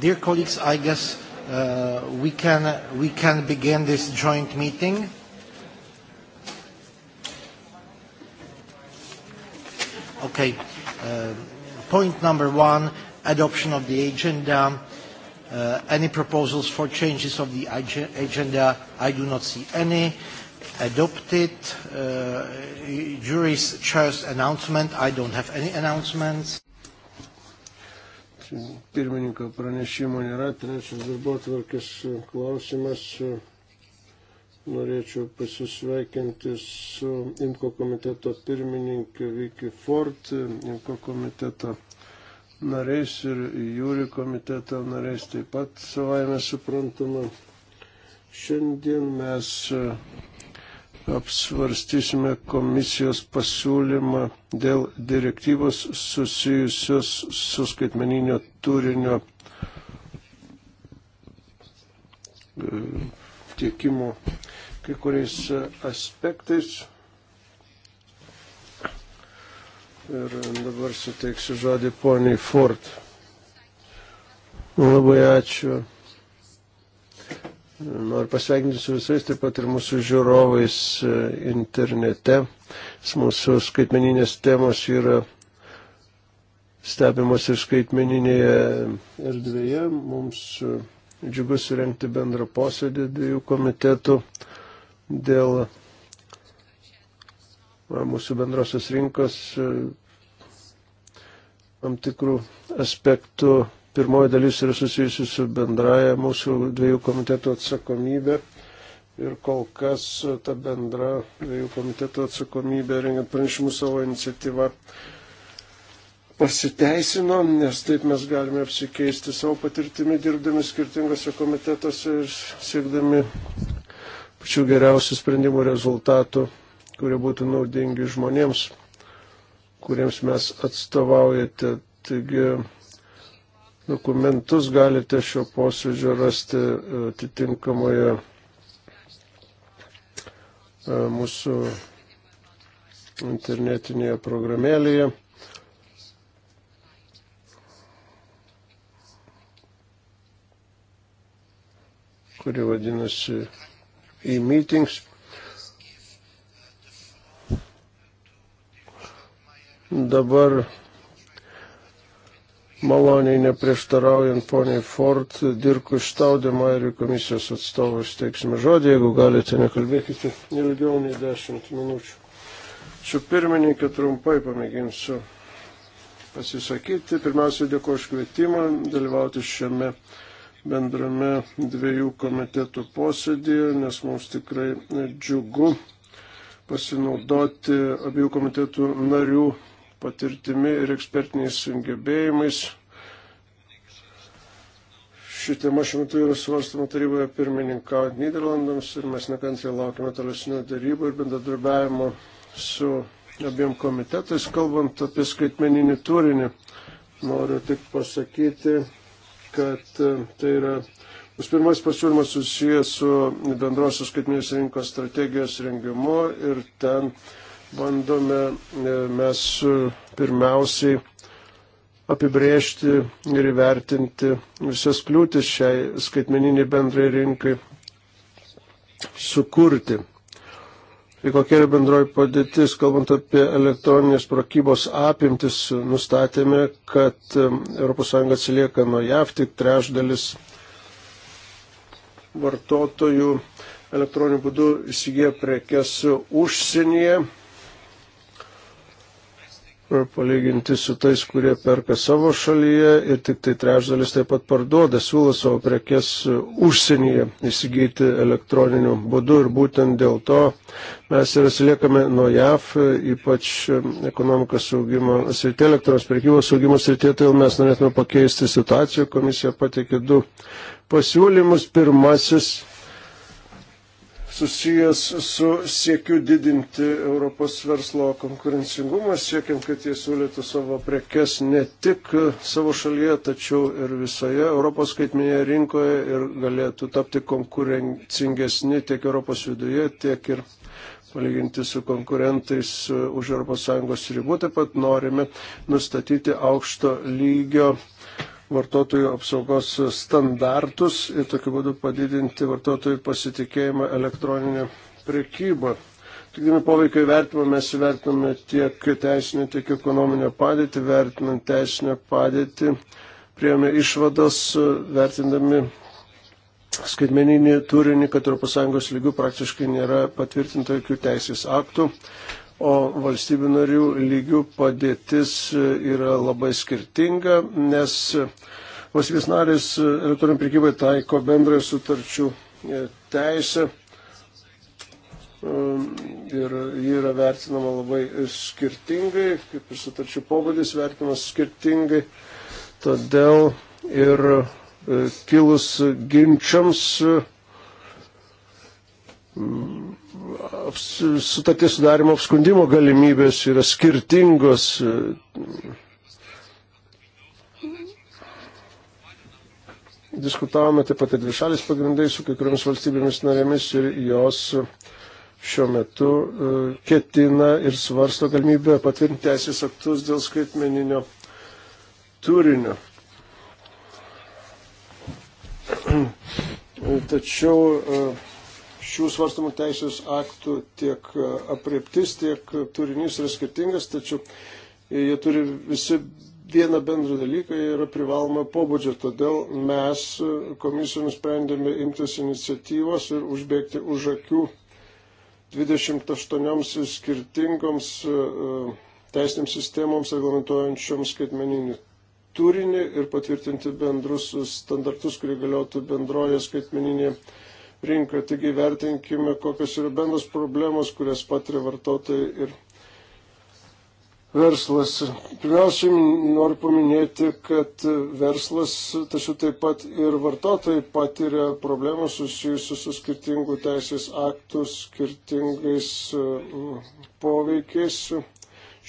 Dear colleagues, I guess uh, we, can, we can begin this joint meeting. Okay. Uh, point number one, adoption of the agenda. Uh, any proposals for changes of the agenda? I do not see any. Adopted. Uh, jury's chair's announcement. I don't have any announcements pirmininko pranešimo nėra. Trečias darbo tvarkės klausimas. Norėčiau pasisveikinti su Imko komiteto pirmininkė Viki Ford, Imko komiteto nariais ir Jūri komiteto nariais taip pat savaime suprantama. Šiandien mes apsvarstysime komisijos pasiūlymą dėl direktyvos susijusios su skaitmeninio turinio e, tiekimu kai kuriais aspektais. Ir dabar suteiksiu žodį poniai Ford. Labai ačiū. Noriu pasveikinti su visais, taip pat ir mūsų žiūrovais e, internete. Mūsų skaitmeninės temos yra stebimos ir skaitmeninėje erdvėje. Mums e, džiugu surenkti bendrą posėdį dviejų komitetų dėl e, mūsų bendrosios rinkos tam tikrų aspektų Pirmoji dalis yra susijusi su bendraja mūsų dviejų komitetų atsakomybė. Ir kol kas e, ta bendra dviejų komitetų atsakomybė, rengiant pranešimus savo iniciatyvą, pasiteisino, nes taip mes galime apsikeisti savo patirtimi, dirbdami skirtingose komitetuose ir siekdami pačių geriausių sprendimų rezultatų, kurie būtų naudingi žmonėms, kuriems mes atstovaujate. Taigi Dokumentus galite šio posėdžio rasti atitinkamoje e, mūsų internetinėje programėlėje. kuri vadinasi e-meetings. Dabar maloniai neprieštaraujant poniai Ford, Dirku Štaudimą ir komisijos atstovų steiksime žodį, jeigu galite, nekalbėkite ilgiau nei 10 minučių. Čia pirmininkė trumpai pamėginsiu pasisakyti. Pirmiausia, dėkuoju už kvietimą dalyvauti šiame bendrame dviejų komitetų posėdėje, nes mums tikrai džiugu pasinaudoti abiejų komitetų narių patirtimi ir ekspertiniais sugebėjimais. Ši tema šiuo metu yra svarstama taryboje pirmininkaujant Niderlandams ir mes nekantriai laukime tolesnių darybų ir bendradarbiavimo su abiem komitetais, kalbant apie skaitmeninį turinį. Noriu tik pasakyti, kad e, tai yra bus pirmas pasiūlymas susijęs su bendrosios skaitminės rinkos strategijos rengimu ir ten uh, bandome e, mes e, pirmiausiai apibrėžti ir įvertinti visas kliūtis šiai skaitmeniniai bendrai rinkai sukurti. Tai kokia yra bendroji padėtis, kalbant apie elektroninės prakybos apimtis, nustatėme, kad ES atsilieka nuo JAV tik trešdalis vartotojų elektroniniu būdu įsigiję prekes užsienyje palyginti su tais, kurie perka savo šalyje ir tik tai trečdalis taip pat parduoda, siūlo savo prekes užsienyje įsigyti elektroniniu būdu ir būtent dėl to mes ir atsiliekame nuo JAV, ypač ekonomikos saugimo srityje, elektronos prekybos saugimo srityje, tai mes norėtume pakeisti situaciją, komisija pateikė du pasiūlymus. Pirmasis susijęs su siekiu didinti Europos verslo konkurencingumą, siekiant, kad jie siūlytų savo prekes ne tik savo šalyje, tačiau ir visoje Europos skaitminėje rinkoje ir galėtų tapti konkurencingesni tiek Europos viduje, tiek ir palyginti su konkurentais už ES ribų. Taip pat norime nustatyti aukšto lygio vartotojų apsaugos standartus ir tokiu būdu padidinti vartotojų pasitikėjimą elektroninę prekybą. Tikdami poveikio įvertimą mes įvertiname tiek teisinę, tiek ekonominę padėtį, vertinant teisinę padėtį, prieėmė išvadas, vertindami skaitmeninį turinį, kad ES lygių praktiškai nėra patvirtinta jokių teisės aktų o valstybių narių lygių padėtis e, yra labai skirtinga, nes e, valstybės narės e, elektroninė prekybai taiko bendrąją sutarčių teisę um, ir ji yra vertinama labai skirtingai, kaip ir sutarčių pobūdis vertinamas skirtingai, todėl ir kilus ginčiams sutarties sudarimo apskundimo galimybės yra skirtingos. Diskutavome taip pat ir dvišalis pagrindai su kai kuriomis valstybėmis narėmis ir jos šiuo metu e, ketina ir svarsto galimybę patvirtinti teisės aktus dėl skaitmeninio turinio. Tačiau e, šių svarstamų teisės aktų tiek e, apriptis, tiek turinys yra skirtingas, tačiau e, jie turi visi vieną bendrą dalyką, jie yra privaloma pobūdžio. Todėl mes e, komisijoje nusprendėme imtis iniciatyvos ir užbėgti už akių 28 skirtingoms teisinėms sistemoms reglamentuojančioms skaitmeninį turinį ir patvirtinti bendrus standartus, kurie galiotų bendroje skaitmeninėje rinką. Taigi vertinkime, kokios yra bendros problemos, kurias patiria vartotojai ir verslas. Pirmiausiai noriu paminėti, kad verslas, tačiau taip pat ir vartotojai patiria problemų susijusius su skirtingų teisės aktų, skirtingais mm, poveikiais.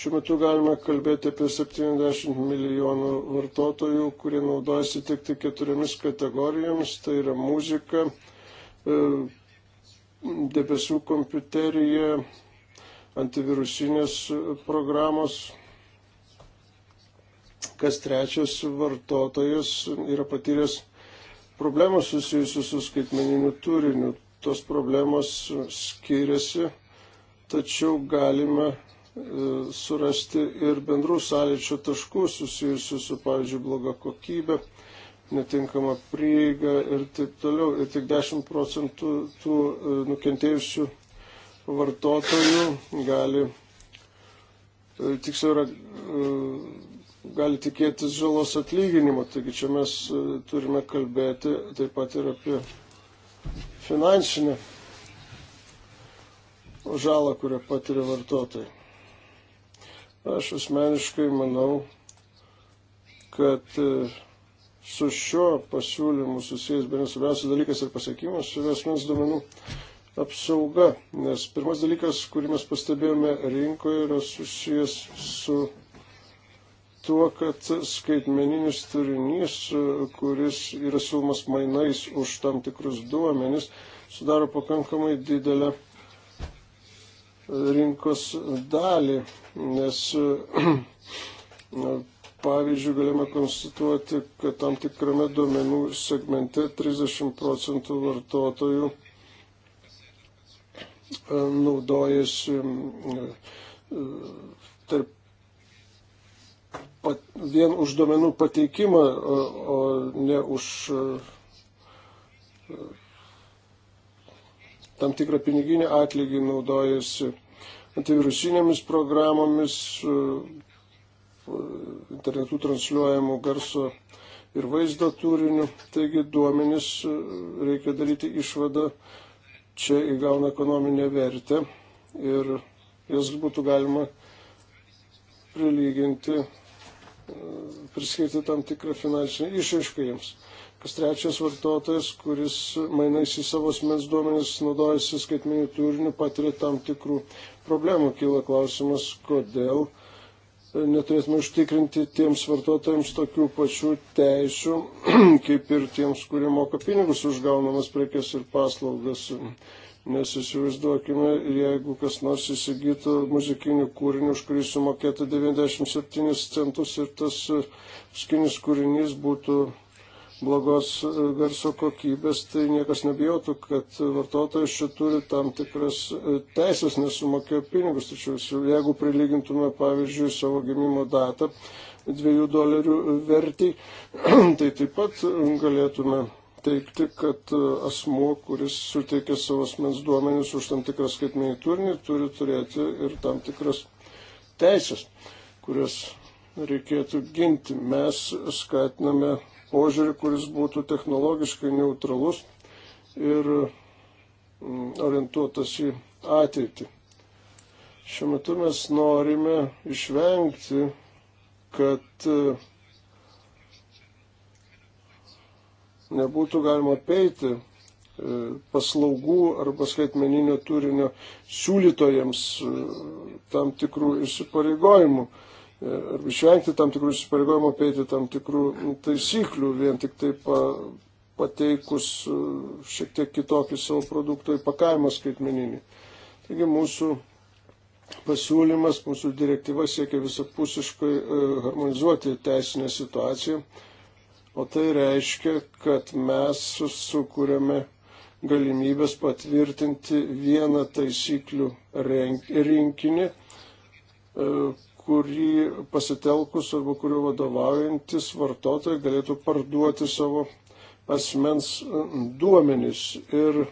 Šiuo metu galime kalbėti apie 70 milijonų vartotojų, kurie naudojasi tik tai keturiomis kategorijomis. Tai yra muzika, E, debesų kompiuterija, antivirusinės programos. Kas trečias vartotojas yra patyręs problemų susijusių su skaitmeniniu turiniu. Tos problemos skiriasi, tačiau galime e, surasti ir bendrų sąlyčio taškų susijusių su, pavyzdžiui, bloga kokybė netinkamą prieigą ir taip toliau. Ir tik 10 procentų tų e, nukentėjusių vartotojų gali, e, tiksliau yra, e, gali tikėtis žalos atlyginimo. Taigi čia mes turime kalbėti taip pat ir apie finansinę žalą, kurią patiria vartotojai. Aš asmeniškai manau, kad su šiuo pasiūlymu susijęs bene svarbiausias dalykas ir pasiekimas yra asmens duomenų apsauga. Nes pirmas dalykas, kurį mes pastebėjome rinkoje, yra susijęs su tuo, kad skaitmeninis turinys, kuris yra siūlomas mainais už tam tikrus duomenis, sudaro pakankamai didelę rinkos dalį, nes Pavyzdžiui, galime konstatuoti, kad tam tikrame duomenų segmente 30 procentų vartotojų e, naudojasi e, tarp pat, vien už duomenų pateikimą, o, o ne už e, tam tikrą piniginį atlygį naudojasi antivirusinėmis programomis, internetu transliuojamų garso ir vaizdo turiniu. Taigi duomenys, e, reikia daryti išvadą, čia įgauna ekonominę vertę ir jas būtų galima prilyginti, e, priskirti tam tikrą finansinį išaišką jiems. Kas trečias vartotojas, kuris mainais į savo asmens duomenis naudojasi skaitmeniu turiniu, patiria tam tikrų problemų. Kyla klausimas, kodėl neturėsime užtikrinti tiems vartotojams tokių pačių teisių, kaip ir tiems, kurie moka pinigus už gaunamas prekes ir paslaugas. Nes įsivaizduokime, jeigu kas nors įsigytų muzikinį kūrinį, už kurį sumokėtų 97 centus ir tas muzikinis uh, kūrinys būtų blogos e, garso kokybės, tai niekas nebijotų, kad vartotojas čia turi tam tikras e, teisės nesumokėjo pinigus. Tačiau jeigu prilygintume, pavyzdžiui, savo gimimo datą dviejų dolerių vertį, tai taip pat galėtume teikti, kad e, asmo, kuris suteikia savo asmens duomenis už tam tikrą skaitmenį turinį, turi turėti ir tam tikras teisės, kurias reikėtų ginti. Mes skatiname požiūrį, kuris būtų technologiškai neutralus ir mm, orientuotas į ateitį. Šiuo metu mes norime išvengti, kad e, nebūtų galima apeiti e, paslaugų arba skaitmeninio turinio siūlytojams e, tam tikrų įsipareigojimų išvengti tam tikrų įsipareigojimų, peiti tam tikrų taisyklių, vien tik tai pa, pateikus e, šiek tiek kitokį savo produkto įpakavimą skaitmeninį. Taigi mūsų pasiūlymas, mūsų direktyva siekia visapusiškai e, harmonizuoti teisinę situaciją, o tai reiškia, kad mes sukūrėme galimybės patvirtinti vieną taisyklių rinkinį, e, kurį pasitelkus arba kuriuo vadovaujantis vartotojai galėtų parduoti savo asmens e, duomenys. Ir e,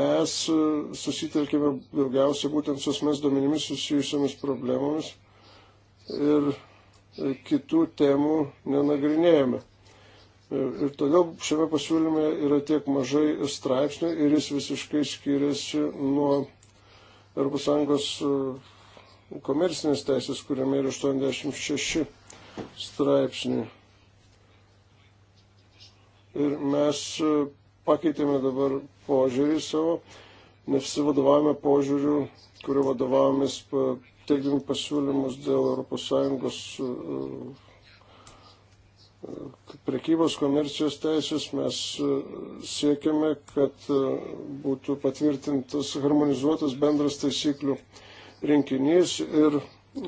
mes e, susitelkėme daugiausia būtent su asmens duomenimis susijusiamis problemomis ir kitų temų nenagrinėjome. Ir todėl šiame pasiūlyme yra tiek mažai straipsnių ir jis visiškai skiriasi nuo ES komercinės teisės, kuriame yra 86 straipsnių. Ir mes e, pakeitėme dabar požiūrį savo, nesivadovavome požiūriu, kuriuo vadovavomės teikdami pasiūlymus dėl ES e, e, prekybos komercijos teisės mes siekiame, kad būtų patvirtintas harmonizuotas bendras taisyklių rinkinys ir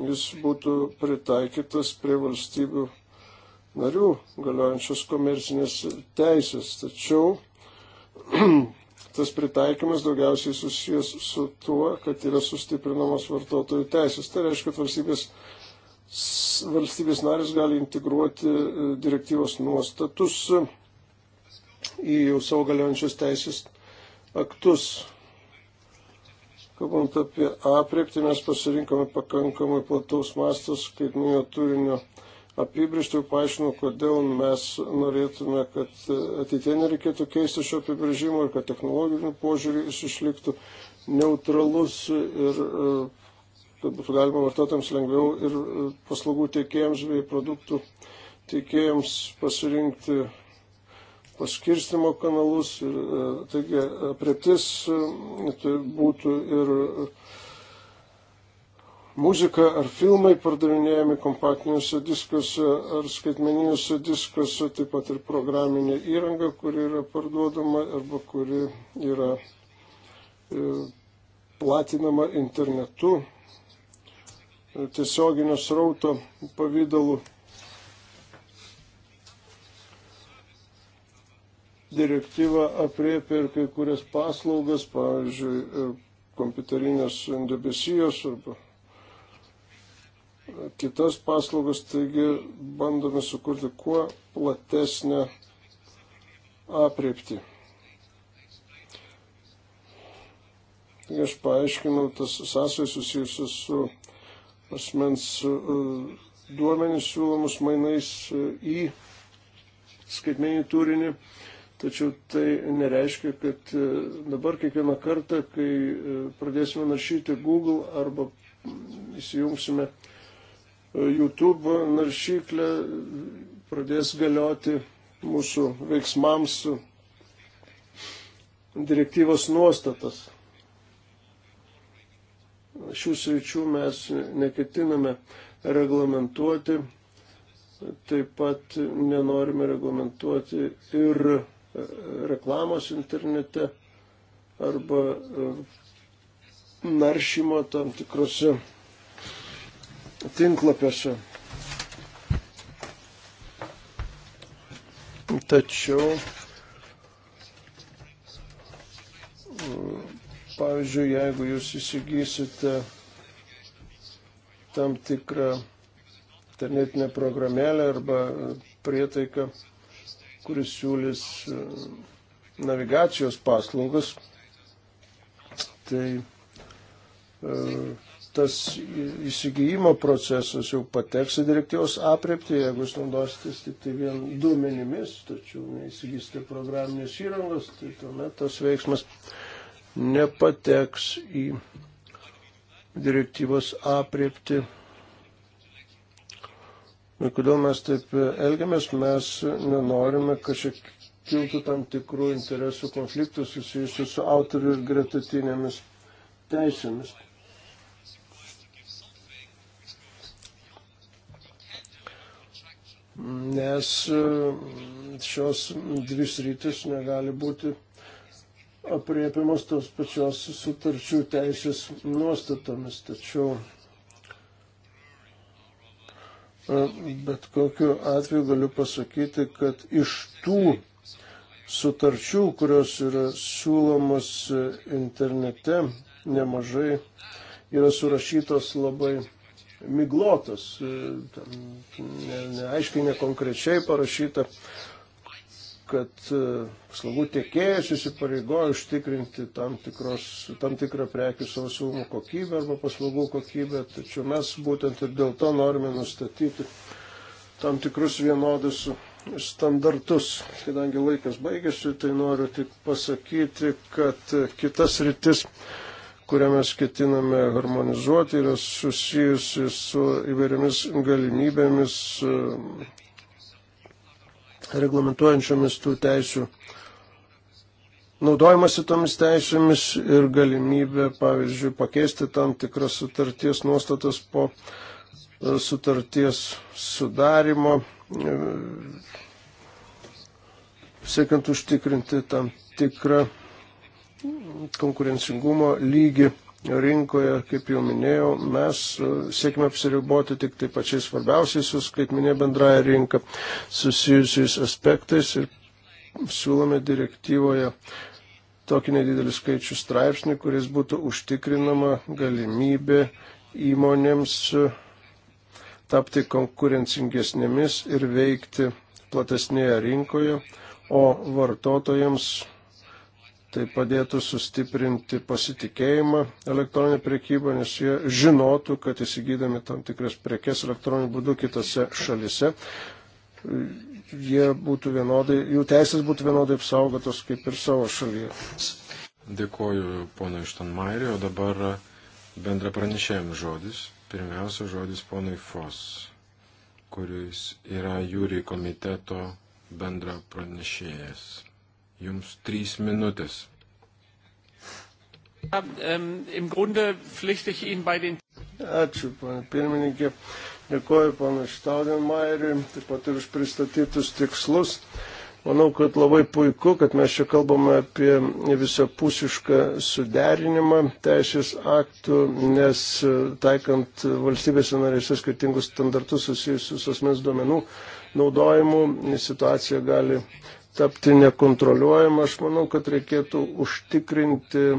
jis būtų pritaikytas prie valstybių narių galiojančios komercinės teisės. Tačiau tas pritaikymas daugiausiai susijęs su tuo, kad yra sustiprinamos vartotojų teisės. Tai reiškia, kad valstybės, valstybės narės gali integruoti e, direktyvos nuostatus į jau savo galiojančios teisės aktus. Kalbant apie apriepti, mes pasirinkome pakankamai plataus mastos skaitminio turinio apibrištų ir paaiškinau, kodėl mes norėtume, kad ateitie nereikėtų keisti šio apibrėžimo ir kad technologinių požiūrį jis išliktų neutralus ir e, kad būtų galima vartotojams lengviau ir e, paslaugų tiekėjams bei produktų tiekėjams pasirinkti paskirstimo kanalus ir e, taigi e, apreptis e, tai būtų ir muzika ar filmai pardavinėjami kompaktiniuose diskuose ar skaitmeniniuose diskuose, taip pat ir programinė įranga, kuri yra parduodama arba kuri yra platinama internetu tiesioginio srauto pavydalu. direktyva apriepia ir kai kurias paslaugas, pavyzdžiui, e, kompiuterinės debesijos arba kitas paslaugas, taigi bandome sukurti kuo platesnę apriepti. Taigi aš paaiškinau tas sąsajas susijusius su asmens e, duomenys siūlomus mainais e, į skaitmenį turinį Tačiau tai nereiškia, kad e, dabar kiekvieną kartą, kai e, pradėsime naršyti Google arba mm, įsijungsime e, YouTube naršyklę, pradės galioti mūsų veiksmams direktyvos nuostatas. Šių sričių mes neketiname reglamentuoti, taip pat nenorime reglamentuoti ir reklamos internete arba e, naršymo tam tikrose tinklapiuose. Tačiau, e, pavyzdžiui, jeigu jūs įsigysite tam tikrą internetinę programėlę arba prietaiką, kuris siūlys e, navigacijos paslaugas, tai e, tas įsigijimo procesas jau pateks į direktyvos apriepti, jeigu jūs naudositės tik tai vien duomenimis, tačiau neįsigysite programinės įrangos, tai tuomet tas veiksmas nepateks į direktyvos apriepti. Kodėl mes taip elgiamės? Mes nenorime, kad čia kiltų tam tikrų interesų konfliktų susijusių su autorių ir gretutinėmis teisėmis. Nes mm, šios dvi sritis negali būti apriepiamos tos pačios sutarčių teisės nuostatomis, tačiau E, bet kokiu atveju galiu pasakyti, kad iš tų sutarčių, kurios yra siūlomos internete, nemažai yra surašytos labai miglotos, e, ne, neaiškiai, nekonkrečiai parašyta kad e, paslaugų tiekėjas įsipareigoja užtikrinti tam, tikros, tam tikrą prekių savo siūlymų kokybę arba paslaugų kokybę, tačiau mes būtent ir dėl to norime nustatyti tam tikrus vienodus standartus. Kadangi laikas baigėsi, tai noriu tik pasakyti, kad kitas rytis kurią mes ketiname harmonizuoti, yra susijusi su įvairiomis galimybėmis reglamentuojančiomis tų teisių naudojimasi tomis teisėmis ir galimybė, pavyzdžiui, pakeisti tam tikras sutarties nuostatas po e, sutarties sudarimo, e, siekiant užtikrinti tam tikrą konkurencingumo lygį rinkoje, kaip jau minėjau, mes e, siekime apsiriboti tik tai pačiais svarbiausiais su skaitminė bendraja rinka susijusiais aspektais ir siūlome direktyvoje tokį nedidelį skaičių straipsnį, kuris būtų užtikrinama galimybė įmonėms e, tapti konkurencingesnėmis ir veikti platesnėje rinkoje, o vartotojams Tai padėtų sustiprinti pasitikėjimą elektroninę priekybą, nes jie žinotų, kad įsigydami tam tikras prekes elektroniniu būdu kitose šalise, jie būtų vienodai, jų teisės būtų vienodai apsaugotos kaip ir savo šalyje. Dėkoju pono Ištanmairiui, o dabar bendra pranešėjim žodis. Pirmiausia žodis ponui Fos, kuris yra jūri komiteto bendra pranešėjas. Jums trys minutės. Ähm, Ačiū, pana pirmininkė. Dėkuoju pana Štaudenmairiui, taip pat ir už pristatytus tikslus. Manau, kad labai puiku, kad mes čia kalbame apie visapusišką suderinimą teisės aktų, nes e, taikant valstybėse narėse skirtingus standartus susijusius asmens duomenų naudojimu, situacija gali tapti nekontroliuojama, aš manau, kad reikėtų užtikrinti e,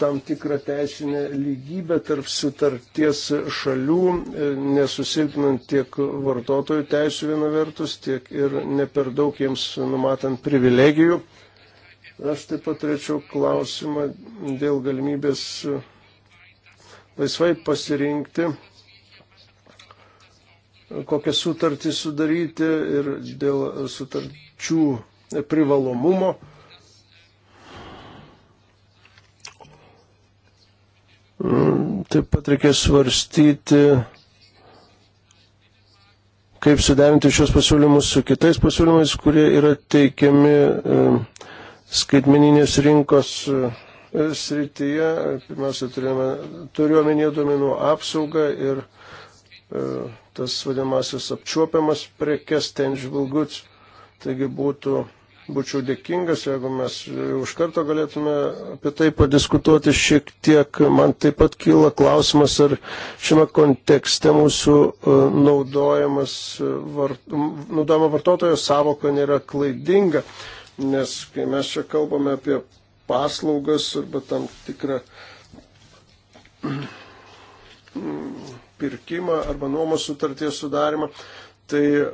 tam tikrą teisinę lygybę tarp sutarties šalių, e, nesusilpinant tiek vartotojų teisų viena vertus, tiek ir ne per daug jiems numatant privilegijų. Aš taip pat turėčiau klausimą dėl galimybės laisvai pasirinkti kokią sutartį sudaryti ir dėl sutarčių privalomumo. Taip pat reikės svarstyti, kaip suderinti šios pasiūlymus su kitais pasiūlymais, kurie yra teikiami e, skaitmeninės rinkos e, srityje. Pirmiausia, turiuomenė duomenų apsaugą ir e, tas vadinamasis apčiuopiamas prekes tangible goods. Taigi būtų, būčiau dėkingas, jeigu mes už karto galėtume apie tai padiskutuoti šiek tiek. Man taip pat kyla klausimas, ar šiame kontekste mūsų e, naudojamas, e, vart, naudojama vartotojo savoka nėra klaidinga, nes kai mes čia kalbame apie paslaugas arba tam tikrą pirkimą arba nuomos sutarties sudarimą, tai e,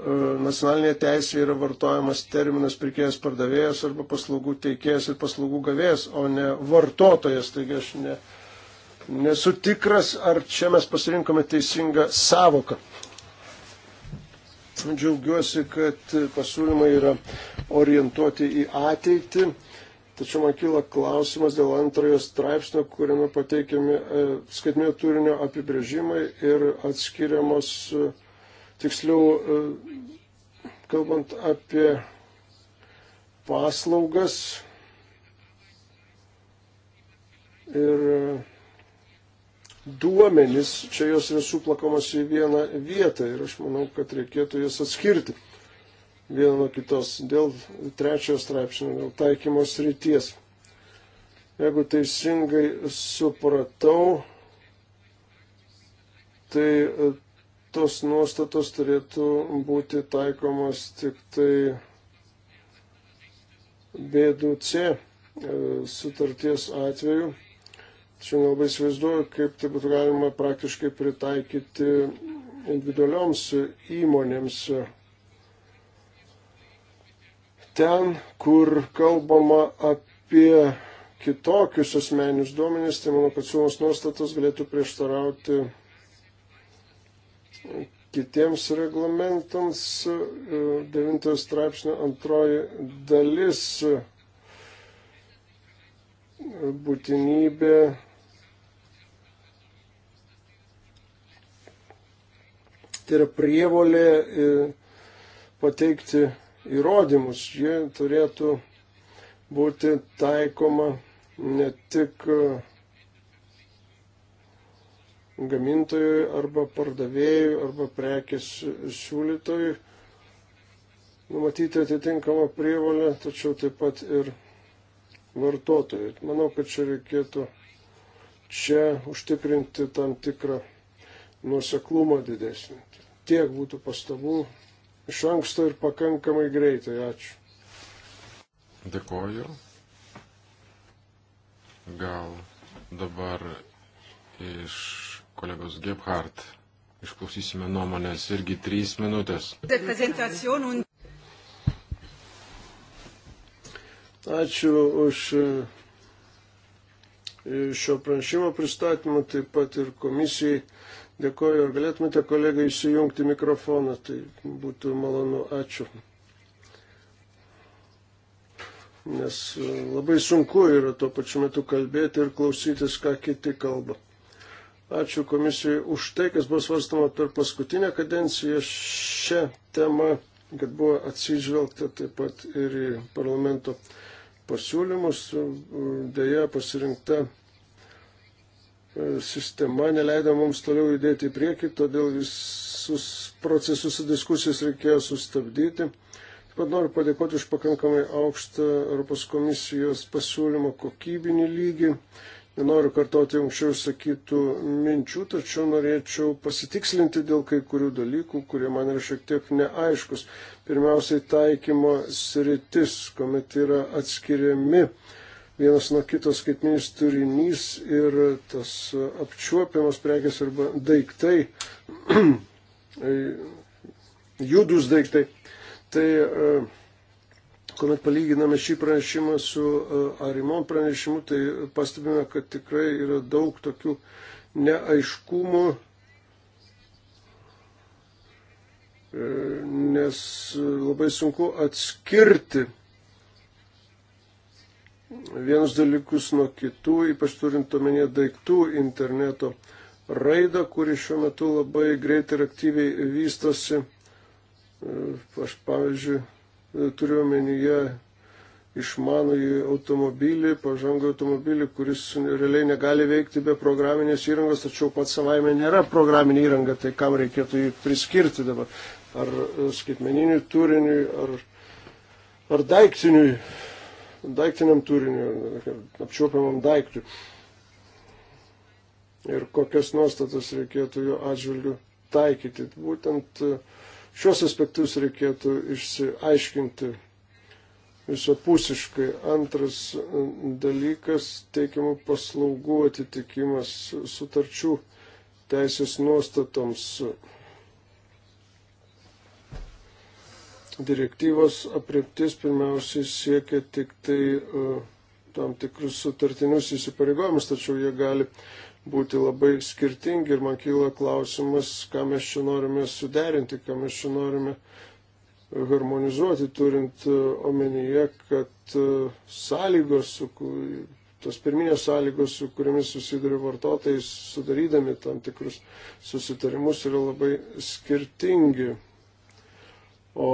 nacionalinėje teisėje yra vartojamas terminas pirkėjas pardavėjas arba paslaugų teikėjas ir paslaugų gavėjas, o ne vartotojas. Taigi aš ne, nesu tikras, ar čia mes pasirinkome teisingą savoką. Džiaugiuosi, kad pasiūlymai yra orientuoti į ateitį Tačiau man kyla klausimas dėl antrojo straipsnio, kuriame pateikiami e, skaitminio turinio apibrėžimai ir atskiriamos, e, tiksliau, e, kalbant apie paslaugas ir duomenis, čia jos yra suplakamos į vieną vietą ir aš manau, kad reikėtų jas atskirti viena nuo kitos dėl trečiojo straipsnio, dėl taikymos ryties. Jeigu teisingai supratau, tai e, tos nuostatos turėtų būti taikomos tik tai B2C e, sutarties atveju. Tačiau nelabai įsivaizduoju, kaip tai būtų galima praktiškai pritaikyti individualioms įmonėms Ten, kur kalbama apie kitokius asmeninius duomenys, tai manau, kad siūlomos nuostatos galėtų prieštarauti kitiems reglamentams. 9 straipsnio antroji dalis būtinybė tai yra prievolė e, pateikti įrodymus. Jie turėtų būti taikoma ne tik e, gamintojui arba pardavėjui arba prekės siūlytojui numatyti atitinkamą prievalę, tačiau taip pat ir vartotojui. Manau, kad čia reikėtų čia užtikrinti tam tikrą nuoseklumą didesnį. Tiek būtų pastabų iš anksto ir pakankamai greitai. Ačiū. Dėkoju. Gal dabar iš kolegos Gebhardt išklausysime nuomonės irgi trys minutės. Ačiū už e, šio pranešimo pristatymą, taip pat ir komisijai Dėkoju, ar galėtumėte kolegai įsijungti mikrofoną, tai būtų malonu, ačiū. Nes e, labai sunku yra tuo pačiu metu kalbėti ir klausytis, ką kiti kalba. Ačiū komisijai už tai, kas buvo svarstama per paskutinę kadenciją šią temą, kad buvo atsižvelgta taip pat ir į parlamento pasiūlymus. Deja, pasirinkta E, sistema neleido mums toliau judėti į priekį, todėl visus procesus ir diskusijas reikėjo sustabdyti. Taip pat noriu padėkoti už pakankamai aukštą Europos komisijos pasiūlymo kokybinį lygį. Nenoriu kartoti anksčiau sakytų minčių, tačiau norėčiau pasitikslinti dėl kai kurių dalykų, kurie man yra šiek tiek neaiškus. Pirmiausiai taikymo sritis, kuomet yra atskiriami vienas nuo kitos skaitminis turinys ir tas apčiuopiamas prekes arba daiktai, judus daiktai. Tai e, kuomet palyginame šį pranešimą su e, Arimon pranešimu, tai pastebime, kad tikrai yra daug tokių neaiškumų, e, nes labai sunku atskirti vienus dalykus nuo kitų, ypač turint omenyje daiktų interneto raidą, kuri šiuo metu labai greitai ir aktyviai vystosi. E, aš pavyzdžiui e, turiu omenyje išmanųjį automobilį, pažangų automobilį, kuris realiai negali veikti be programinės įrangos, tačiau pats savaime nėra programinė įranga, tai kam reikėtų jį priskirti dabar, ar e, skaitmeniniui turiniui, ar, ar daiktiniui daiktiniam turiniu, apčiuopiamam daiktui. Ir kokias nuostatas reikėtų jo atžvilgiu taikyti. Būtent e, šios aspektus reikėtų išsiaiškinti visapusiškai. Antras e, dalykas - teikiamų paslaugų atitikimas sutarčių teisės nuostatoms direktyvos apriptis pirmiausiai siekia tik tai e, tam tikrus sutartinius įsipareigojimus, tačiau jie gali būti labai skirtingi ir man kyla klausimas, ką mes čia norime suderinti, ką mes čia norime harmonizuoti, turint e, omenyje, kad e, sąlygos, tos pirminės sąlygos, su kuriamis susiduria vartotojai, sudarydami tam tikrus susitarimus, yra labai skirtingi. O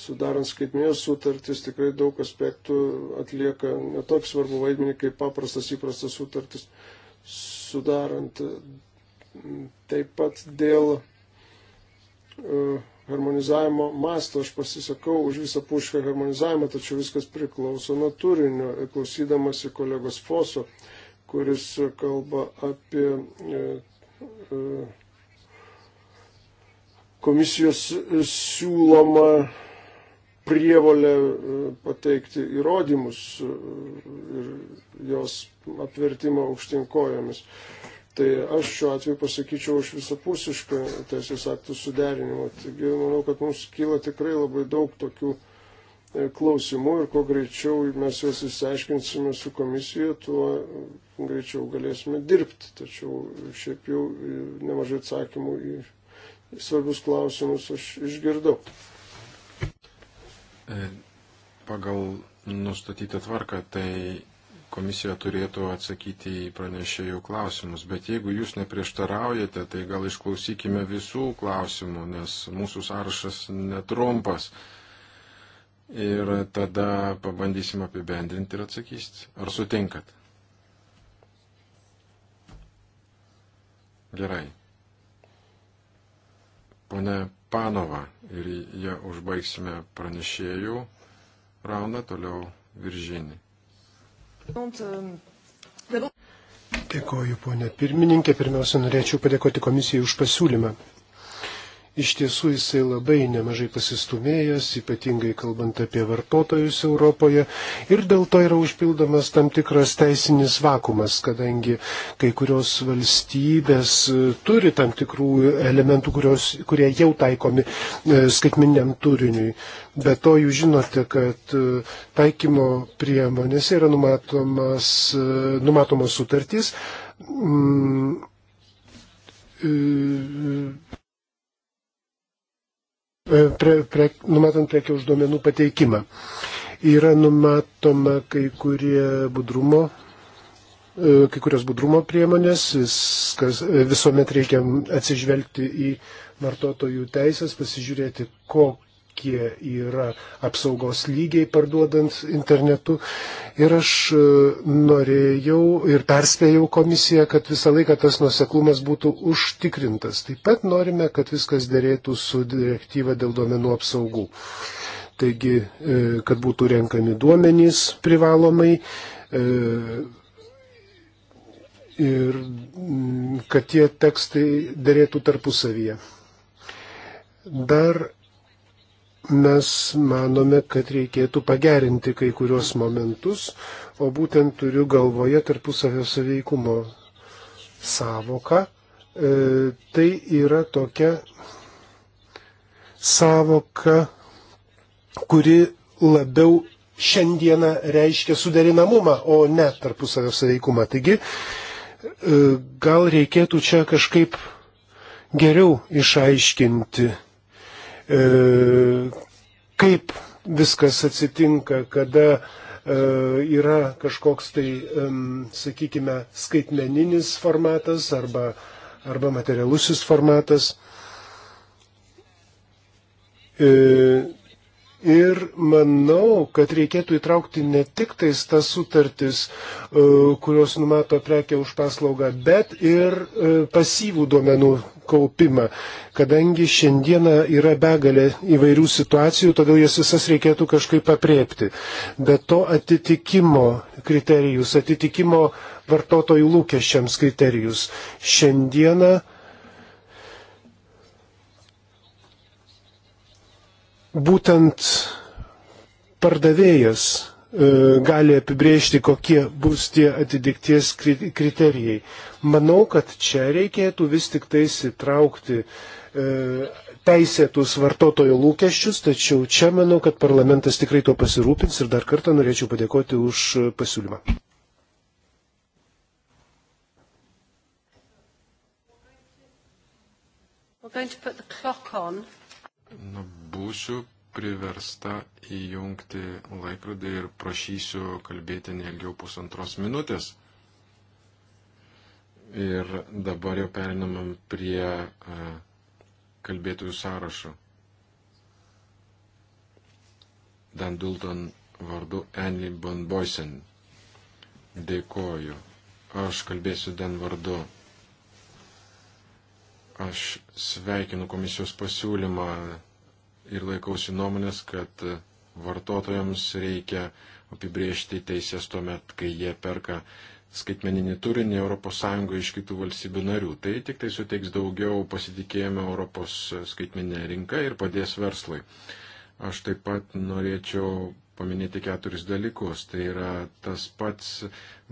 sudarant skaitmės sutartis, tikrai daug aspektų atlieka netoks svarbu vaidmenį kaip paprastas įprastas sutartis sudarant. Taip pat dėl e, harmonizavimo masto aš pasisakau už visą pušką harmonizavimą, tačiau viskas priklauso nuo turinio, klausydamasi kolegos Foso, kuris kalba apie e, e, komisijos e, siūloma prievolė e, pateikti įrodymus e, ir jos apvertimą aukštinkojomis. Tai aš šiuo atveju pasakyčiau už visapusišką teisės aktų suderinimą. Taigi manau, kad mums kyla tikrai labai daug tokių klausimų ir kuo greičiau mes juos įsiaiškinsime su komisija, tuo greičiau galėsime dirbti. Tačiau šiaip jau nemažai atsakymų į svarbus klausimus aš išgirdau. E, pagal nustatytą tvarką, tai komisija turėtų atsakyti į pranešėjų klausimus, bet jeigu jūs neprieštaraujate, tai gal išklausykime visų klausimų, nes mūsų sąrašas netrumpas. Ir tada pabandysim apibendrinti ir atsakysti. Ar sutinkat? Gerai ponė Panova ir ją užbaigsime pranešėjų raundą toliau viržinį. Dėkoju, ponė pirmininkė. Pirmiausia, norėčiau padėkoti komisijai už pasiūlymą. Iš tiesų jisai labai nemažai pasistumėjęs, ypatingai kalbant apie vartotojus Europoje, ir dėl to yra užpildomas tam tikras teisinis vakumas, kadangi kai kurios valstybės e, turi tam tikrų elementų, kurios, kurie jau taikomi e, skaitminiam turiniui. Be to jūs žinote, kad e, taikymo priemonėse yra numatomas, numatomos sutartys. Mm, E, pre, pre, numatant prekių už duomenų pateikimą. Yra numatoma kai, kurie budrumo, e, kai kurios budrumo priemonės, viskas, e, visuomet reikia atsižvelgti į vartotojų teisės, pasižiūrėti, ko, kokie yra apsaugos lygiai parduodant internetu. Ir aš e, norėjau ir perspėjau komisiją, kad visą laiką tas nuseklumas būtų užtikrintas. Taip pat norime, kad viskas dėrėtų su direktyva dėl duomenų apsaugų. Taigi, e, kad būtų renkami duomenys privalomai e, ir kad tie tekstai dėrėtų tarpusavyje. Dar mes manome, kad reikėtų pagerinti kai kurios momentus, o būtent turiu galvoje tarpusavio saveikumo savoką. E, tai yra tokia savoka, kuri labiau šiandieną reiškia suderinamumą, o ne tarpusavio saveikumą. Taigi, e, gal reikėtų čia kažkaip geriau išaiškinti E, kaip viskas atsitinka, kada e, yra kažkoks tai, sakykime, skaitmeninis formatas arba, arba materialusis formatas. E, ir manau, kad reikėtų įtraukti ne tik tais tas sutartis, kurios numato prekia už paslaugą, bet ir pasyvų duomenų kaupimą. Kadangi šiandieną yra begalė įvairių situacijų, todėl jas visas reikėtų kažkaip apriepti. Bet to atitikimo kriterijus, atitikimo vartotojų lūkesčiams kriterijus. Šiandieną būtent pardavėjas E, gali apibrėžti, kokie bus tie atidikties kriterijai. Manau, kad čia reikėtų vis tik tais įtraukti e, teisėtus vartotojo lūkesčius, tačiau čia manau, kad parlamentas tikrai to pasirūpins ir dar kartą norėčiau padėkoti už pasiūlymą. Nu, būsiu priversta įjungti laikrodį ir prašysiu kalbėti neilgiau pusantros minutės. Ir dabar jau perinamam prie e, kalbėtojų sąrašo. Dan Dulton vardu Annie Bonboisen. Dėkoju. Aš kalbėsiu Dan vardu. Aš sveikinu komisijos pasiūlymą ir laikausi nuomonės, kad e, vartotojams reikia apibriežti teisės tuo met, kai jie perka skaitmeninį turinį ES iš kitų valstybių narių. Tai tik tai suteiks daugiau pasitikėjimo Europos skaitmeninė rinka ir padės verslui. Aš taip pat norėčiau paminėti keturis dalykus. Tai yra tas pats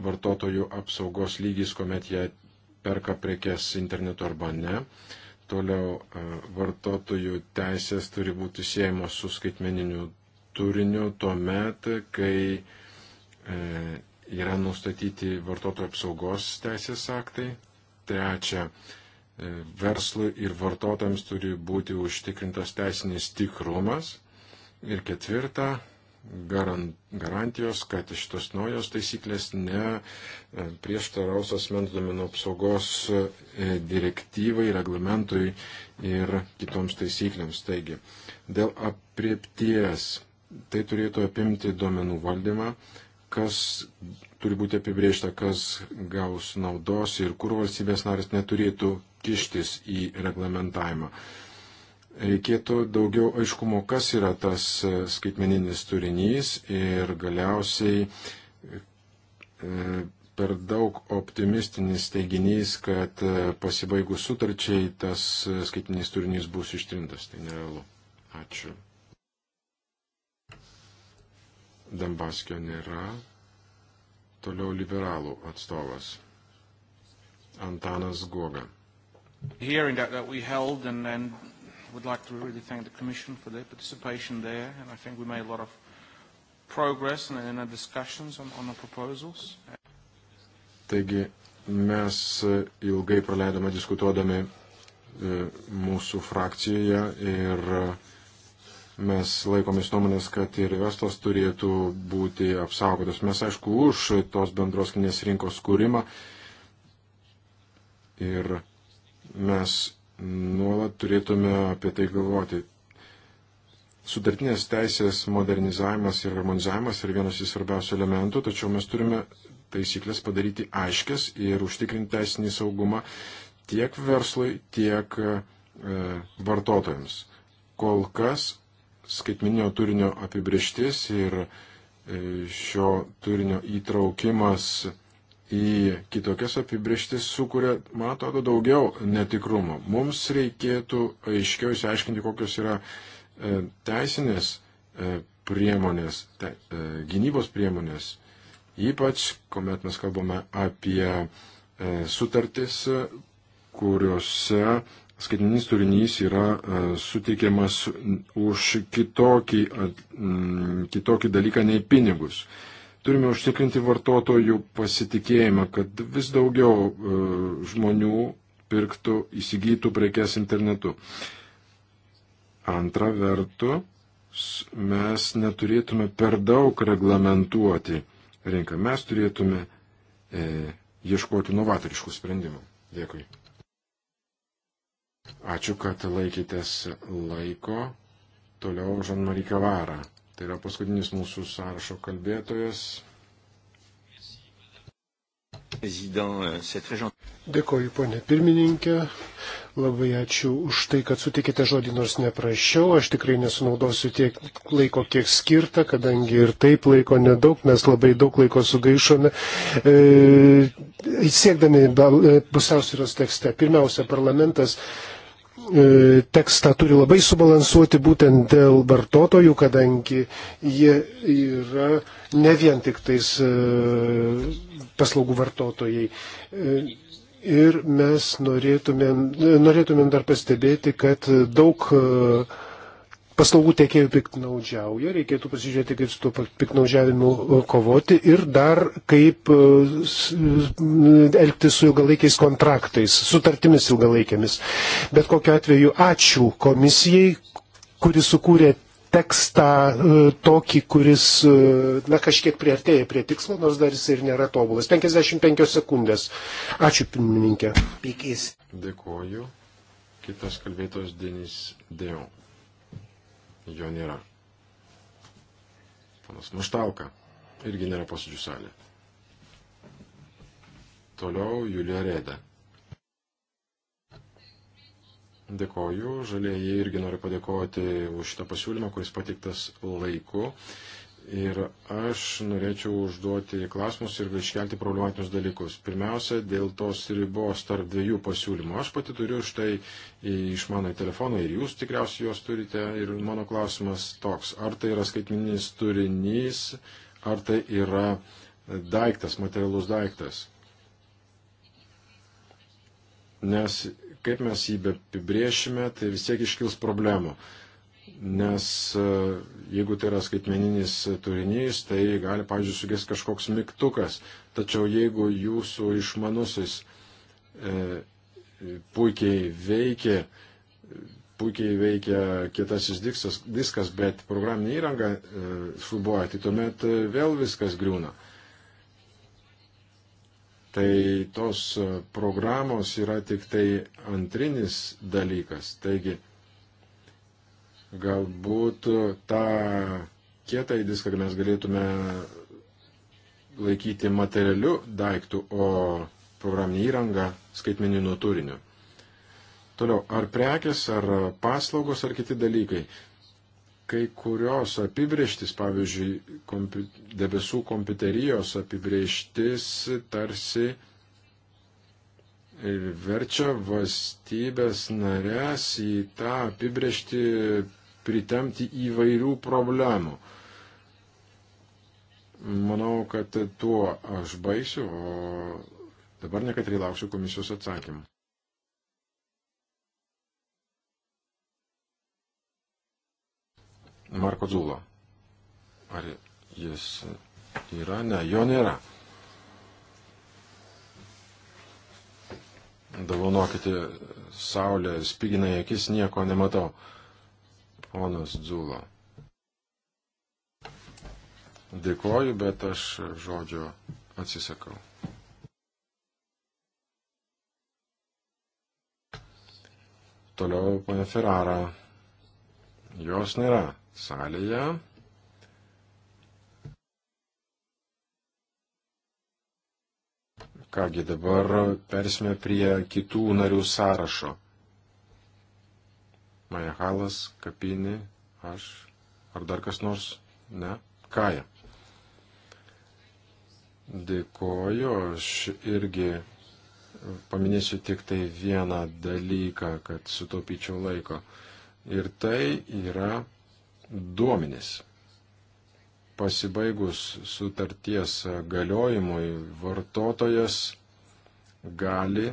vartotojų apsaugos lygis, kuomet jie perka prekes internetu arba ne. Uh, Toliau e, vartotojų teisės turi būti siejamos su skaitmeniniu turiniu tuo met, kai e, yra nustatyti vartotojų apsaugos teisės aktai. Trečia, e, verslui ir vartotojams turi būti užtikrintas teisinis tikrumas. Ir ketvirta, garantijos, kad šitos naujos taisyklės ne e, prieštaraus asmens duomenų apsaugos e, direktyvai, reglamentui ir kitoms taisyklėms. Taigi, dėl apriepties tai turėtų apimti duomenų valdymą, kas turi būti apibriešta, kas gaus naudos ir kur valstybės narės neturėtų kištis į reglamentavimą reikėtų daugiau aiškumo, kas yra tas e, skaitmeninis turinys ir galiausiai e, per daug optimistinis teiginys, kad e, pasibaigus sutarčiai tas skaitmeninis turinys bus ištrintas. Tai nerealu. Ačiū. Dambaskio nėra. Toliau liberalų atstovas. Antanas Goga. Hearing that, that we held and, and would like to really thank the Commission for their participation there, and I think we made a lot of progress in, in our discussions on, on the proposals. Taigi, mes e, ilgai praleidome diskutuodami e, mūsų frakcijoje ir e, mes laikomės nuomonės, kad ir verslas turėtų būti apsaugotas. Mes, aišku, už tos bendros kinės rinkos kūrimą ir mes nuolat turėtume apie tai galvoti. Sutartinės teisės modernizavimas ir harmonizavimas yra vienas iš svarbiausių elementų, tačiau mes turime taisyklės padaryti aiškės ir užtikrinti teisinį saugumą tiek verslui, tiek e, vartotojams. Kol kas skaitminio turinio apibrieštis ir e, šio turinio įtraukimas į kitokias apibrieštis sukuria, man atrodo, daugiau netikrumo. Mums reikėtų aiškiau įsiaiškinti, kokios yra e, teisinės e, priemonės, te, e, gynybos priemonės, ypač kuomet mes kalbame apie e, sutartis, kuriuose skaitininis turinys yra e, suteikiamas už kitokį, at, m, kitokį dalyką nei pinigus. E, Turime užtikrinti vartotojų pasitikėjimą, kad vis daugiau e, žmonių pirktų, įsigytų prekes internetu. Antra vertu, mes neturėtume per daug reglamentuoti rinką. Mes turėtume e, ieškoti novatoriškų sprendimų. Dėkui. Ačiū, kad laikytės laiko. Toliau Žanmarį Kavarą. Tai yra paskutinis mūsų sąrašo kalbėtojas. Dėkoju, ponė pirmininkė. Labai ačiū už tai, kad sutikite žodį, nors neprašiau. Aš tikrai nesunaudosiu tiek laiko, kiek skirta, kadangi ir taip laiko nedaug, mes labai daug laiko sugaišome. E, siekdami e, pusiausvyros tekste. Pirmiausia, parlamentas E, tekstą turi labai subalansuoti būtent dėl vartotojų, kadangi jie yra ne vien tik tais e, paslaugų vartotojai. E, ir mes norėtumėm, norėtumėm dar pastebėti, kad daug paslaugų tiekėjų piknaudžiauja, reikėtų pasižiūrėti, kaip su tuo piknaudžiavimu e, kovoti ir dar kaip e, e, elgtis su ilgalaikiais kontraktais, sutartimis ilgalaikėmis. Bet kokiu atveju ačiū komisijai, kuri sukūrė tekstą tokį, kuris, na, kažkiek priartėja prie tikslo, nors dar jis ir nėra tobulas. 55 sekundės. Ačiū, pirmininkė. Pykys. Dėkuoju. Kitas kalbėtojas Denis Deo jo nėra. Panas Maštauka irgi nėra posėdžių salė. Toliau Julija Reda. Dėkoju. Žalieji irgi noriu padėkoti už šitą pasiūlymą, kuris pateiktas laiku. Ir aš norėčiau užduoti klausimus ir iškelti problematinius dalykus. Pirmiausia, dėl tos ribos tarp dviejų pasiūlymų. Aš pati turiu štai išmanai telefoną ir jūs tikriausiai juos turite. Ir mano klausimas toks, ar tai yra skaitmininis turinys, ar tai yra daiktas, materialus daiktas. Nes kaip mes jį bepibriešime, tai vis tiek iškils problemų. Uh, Nes e, jeigu tai yra skaitmeninis turinys, tai gali, pavyzdžiui, sugės kažkoks mygtukas. Tačiau jeigu jūsų išmanusis e, puikiai veikia, puikiai veikia kietasis diskas, diskas bet programinė įranga e, šlubuoja, tai tuomet e, vėl viskas griūna. Tai tos e, programos yra tik tai antrinis dalykas. Taigi Galbūt tą kietą į diską mes galėtume laikyti materialiu daiktų, o programinį įrangą skaitmeniniu turiniu. Toliau, ar prekės, ar paslaugos, ar kiti dalykai. Kai kurios apibrieštis, pavyzdžiui, kompi debesų kompiuterijos apibrieštis tarsi verčia valstybės narės į tą apibrėžti pritemti įvairių problemų. Manau, kad tuo aš baisiu, o dabar nekatriai lauksiu komisijos atsakymų. Marko Zulo. Ar jis yra? Ne, jo nėra. Davonokite saulę ir spigina į akis, nieko nematau. Ponas Dzulo. Dėkoju, bet aš žodžio atsisakau. Toliau ponia Ferrara. Jos nėra salėje. Kągi dabar persime prie kitų narių sąrašo. Majahalas, Kapini, aš. Ar dar kas nors? Ne? Kaja. Dėkoju, aš irgi paminėsiu tik tai vieną dalyką, kad sutaupyčiau laiko. Ir tai yra duomenis pasibaigus sutarties galiojimui vartotojas gali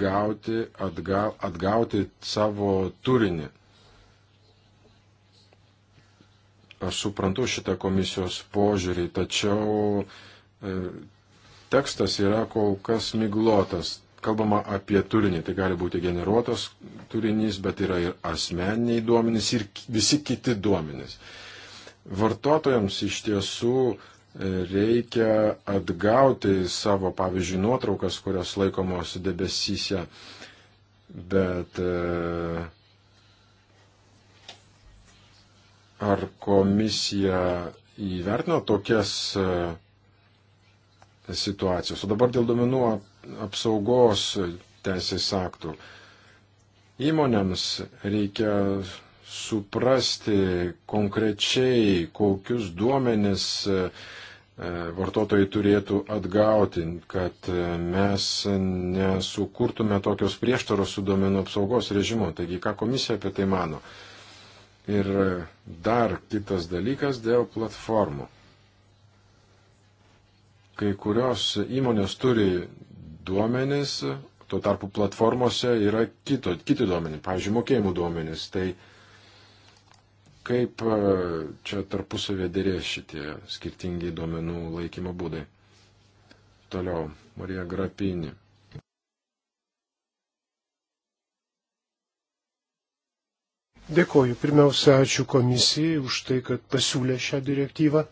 gauti, atgal, atgauti savo turinį. Aš suprantu šitą komisijos požiūrį, tačiau e, tekstas yra kol kas miglotas. Kalbama apie turinį, tai gali būti generuotas turinys, bet yra ir asmeniniai duomenys ir visi kiti duomenys. E, Vartotojams iš tiesų e, reikia atgauti savo, pavyzdžiui, nuotraukas, kurios laikomos debesyse, bet e, ar komisija įvertino tokias e, situacijos. O dabar dėl duomenų apsaugos teisės aktų. Įmonėms reikia suprasti konkrečiai, kokius duomenis e, e, vartotojai turėtų atgauti, kad e, mes nesukurtume tokios prieštaros su duomenų apsaugos režimu. Taigi, ką komisija apie tai mano? Ir dar kitas dalykas dėl platformų. Kai kurios įmonės turi duomenis, tuo tarpu platformose yra kito, kiti duomenys, pavyzdžiui, mokėjimų duomenys. Tai Kaip e, čia tarpusavė dėrės šitie skirtingi duomenų laikymo būdai? Toliau, Marija Grapinė. Dėkoju. Pirmiausia, ačiū komisijai už tai, kad pasiūlė šią direktyvą.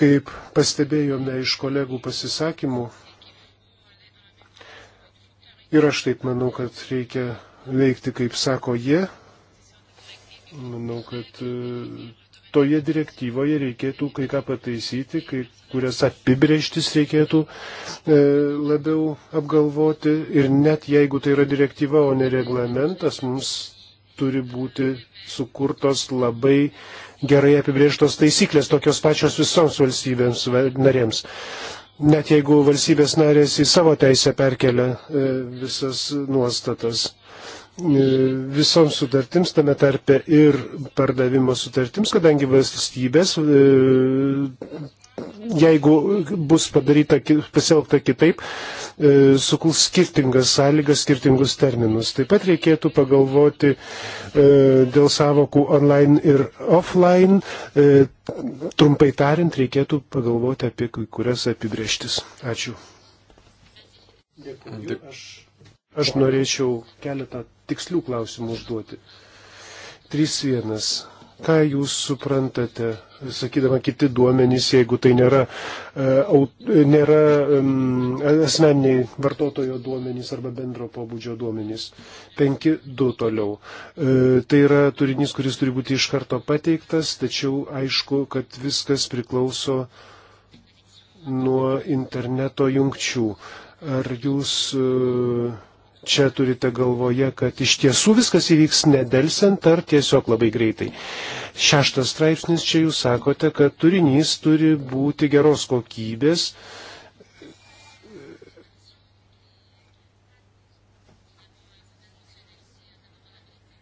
Kaip pastebėjome iš kolegų pasisakymų, ir aš taip manau, kad reikia veikti, kaip sako jie. Manau, kad e, toje direktyvoje reikėtų kai ką pataisyti, kai kurias apibrieštis reikėtų e, labiau apgalvoti ir net jeigu tai yra direktyva, o ne reglamentas, mums turi būti sukurtos labai gerai apibrieštos taisyklės, tokios pačios visoms valstybėms narėms. Net jeigu valstybės narės į savo teisę perkelia e, visas nuostatas. E, visoms sutartims, tame tarpe ir pardavimo sutartims, kadangi valstybės, e, jeigu bus padaryta, pasielgta kitaip, e, sukurs skirtingas sąlygas, skirtingus terminus. Taip pat reikėtų pagalvoti dėl savokų online ir offline. Trumpai tariant, reikėtų pagalvoti apie kai kurias apibrieštis. Ačiū. Dėkui. Aš Aš norėčiau keletą tikslių klausimų užduoti. 3.1. Ką jūs suprantate, sakydama kiti duomenys, jeigu tai nėra, e, nėra um, asmeniniai vartotojo duomenys arba bendro pobūdžio duomenys? 5.2 toliau. E, tai yra turinys, kuris turi būti iš karto pateiktas, tačiau aišku, kad viskas priklauso nuo interneto jungčių. Ar jūs. Uh, čia turite galvoje, kad iš tiesų viskas įvyks nedelsiant ar tiesiog labai greitai. Šeštas straipsnis čia jūs sakote, kad turinys turi būti geros kokybės.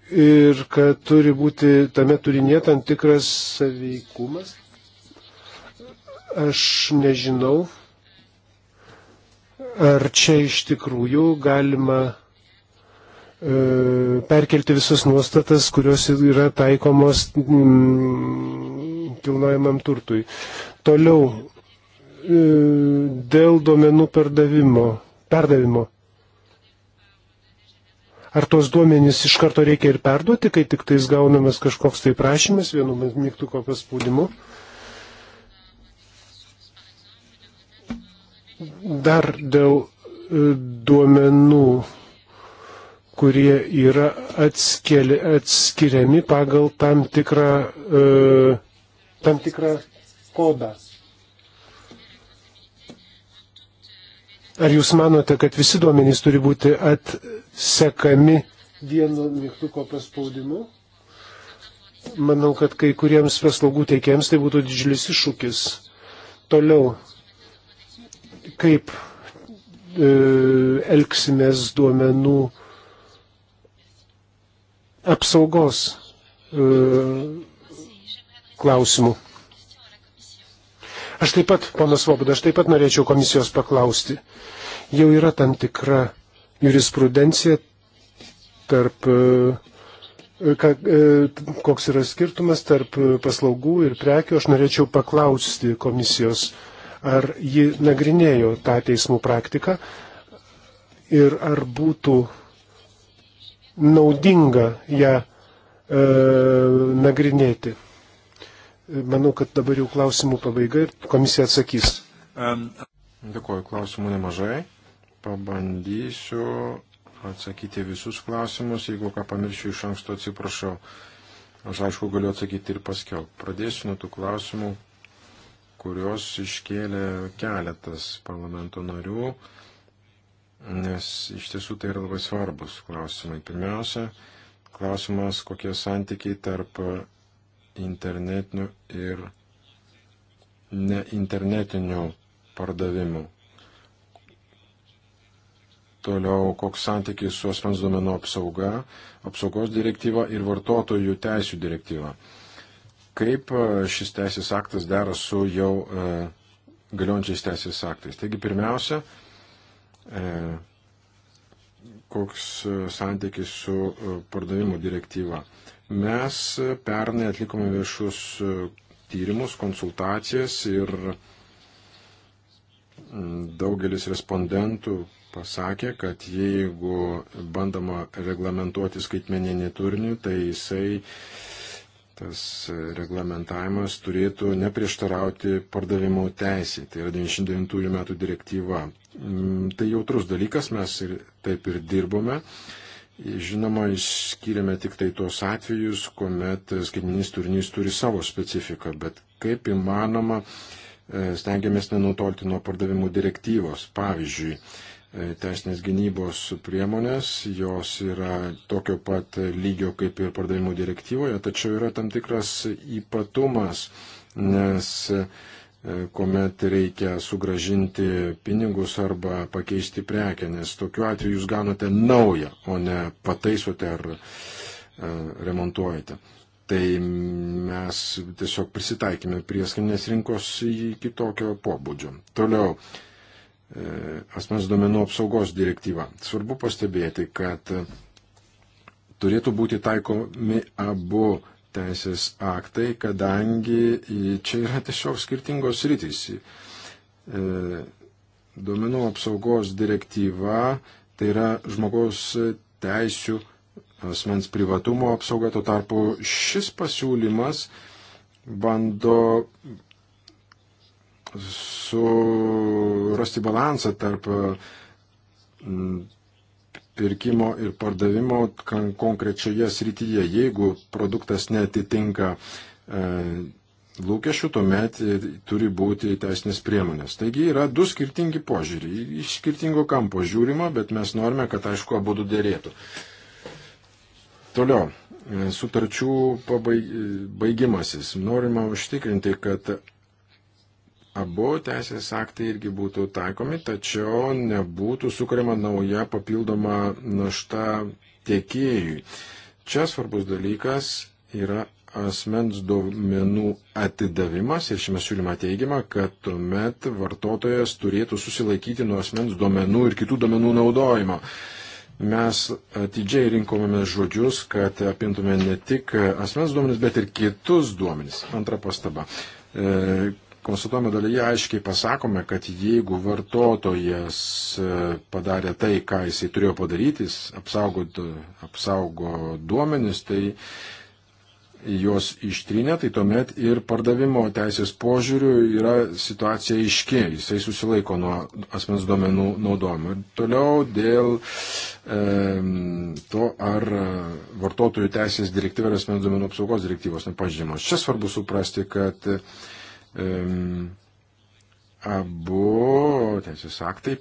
Ir kad turi būti tame turinė tam tikras saveikumas. Aš nežinau, Ar čia iš tikrųjų galima e, perkelti visas nuostatas, kurios yra taikomos mm, kilnojamam turtui. Toliau e, dėl duomenų perdavimo. perdavimo. Ar tuos duomenys iš karto reikia ir perduoti, kai tik tais gaunamas kažkoks tai prašymas vienu mygtuko paspaudimu? Dar dėl e, duomenų, kurie yra atskeli, atskiriami pagal tam tikrą, e, tam tikrą kodą. Ar jūs manote, kad visi duomenys turi būti atsekami vienu mygtuko paspaudimu? Manau, kad kai kuriems paslaugų teikėjams tai būtų didžiulis iššūkis. Toliau kaip e, elgsimės duomenų apsaugos e, klausimų. Aš taip pat, ponas Voboda, aš taip pat norėčiau komisijos paklausti. Jau yra tam tikra jurisprudencija tarp, e, ka, koks yra skirtumas tarp paslaugų ir prekių. Aš norėčiau paklausti komisijos ar ji nagrinėjo tą teismų praktiką ir ar būtų naudinga ją e, nagrinėti. Manau, kad dabar jau klausimų pabaiga ir komisija atsakys. Dėkuoju, klausimų nemažai. Pabandysiu atsakyti visus klausimus. Jeigu ką pamiršiu iš anksto, atsiprašau. Aš aišku galiu atsakyti ir paskiau. Pradėsiu nuo tų klausimų, kurios iškėlė keletas parlamento narių, nes iš tiesų tai yra labai svarbus klausimai. Pirmiausia, klausimas, kokie santykiai tarp internetinių ir neinternetinių pardavimų. Toliau, koks santykis su asmens duomenų apsauga, apsaugos direktyva ir vartotojų teisų direktyva kaip e, šis teisės aktas dera su jau e, galiojančiais teisės aktais. Taigi pirmiausia, e, koks santykis su pardavimo direktyva. Mes pernai atlikome viešus tyrimus, konsultacijas ir daugelis respondentų pasakė, kad jeigu bandoma reglamentuoti skaitmeninį turinį, tai jisai uh, tas reglamentavimas turėtų neprieštarauti pardavimo teisė, tai yra 99 metų direktyva. Mm, tai jautrus dalykas, mes ir taip ir dirbome. Žinoma, išskyrėme tik tai tos atvejus, kuomet skaitminis turinys turi savo specifiką, bet kaip įmanoma, e, stengiamės nenutolti nuo pardavimų direktyvos. Pavyzdžiui, E, teisinės gynybos priemonės, jos yra tokio pat lygio kaip ir pardavimų direktyvoje, tačiau yra tam tikras ypatumas, nes e, kuomet reikia sugražinti pinigus arba pakeisti prekę, nes tokiu atveju jūs gaunate naują, o ne pataisote ar e, remontuojate. Tai mes tiesiog prisitaikėme prie skaninės rinkos į kitokio pobūdžio. Toliau, E, asmens duomenų apsaugos direktyvą. Svarbu pastebėti, kad turėtų būti taikomi abu teisės aktai, kadangi čia yra tiesiog skirtingos rytis. E, duomenų apsaugos direktyva tai yra žmogaus teisių asmens privatumo apsauga, tuo tarpu šis pasiūlymas bando surasti balansą tarp mm, pirkimo ir pardavimo konkrečioje srityje. Jeigu produktas netitinka e, lūkesčių, tuomet e, turi būti teisinės priemonės. Taigi yra du skirtingi požiūriai. Iš skirtingo kampo žiūrima, bet mes norime, kad aišku, abu du dėrėtų. Toliau, e, sutarčių pabaigimasis. Norima užtikrinti, kad abu teisės aktai irgi būtų taikomi, tačiau nebūtų sukuriama nauja papildoma našta tiekėjui. Čia svarbus dalykas yra asmens duomenų atidavimas ir šiame siūlyme teigiama, kad tuomet vartotojas turėtų susilaikyti nuo asmens duomenų ir kitų duomenų naudojimo. Mes atidžiai rinkomėme žodžius, kad apintume ne tik asmens duomenis, bet ir kitus duomenis. Antra pastaba. E, konstatuojame dalyje aiškiai pasakome, kad jeigu vartotojas e, padarė tai, ką jisai turėjo padaryti, jis apsaugo, apsaugo duomenis, tai juos ištrinė, tai tuomet ir pardavimo teisės požiūrių yra situacija aiški, jisai susilaiko nuo asmens duomenų naudojimo. Ir toliau dėl e, to, ar vartotojų teisės direktyva ir asmens duomenų apsaugos direktyvos nepažymos. Čia svarbu suprasti, kad e, abu teisės aktai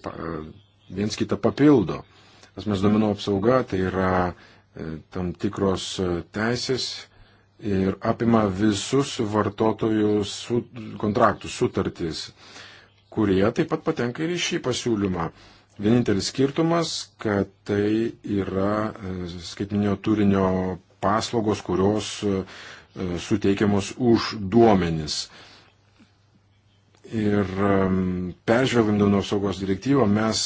viens kitą papildo. Asmens duomenų mhm. apsauga tai yra e, tam tikros e, teisės ir apima visus vartotojų su, kontraktus, sutartys, kurie taip pat patenka ir į šį pasiūlymą. Vienintelis skirtumas, kad tai yra e, skaitminio turinio paslaugos, kurios suteikiamos už duomenis. Ir peržvelgiant duomenų apsaugos direktyvą mes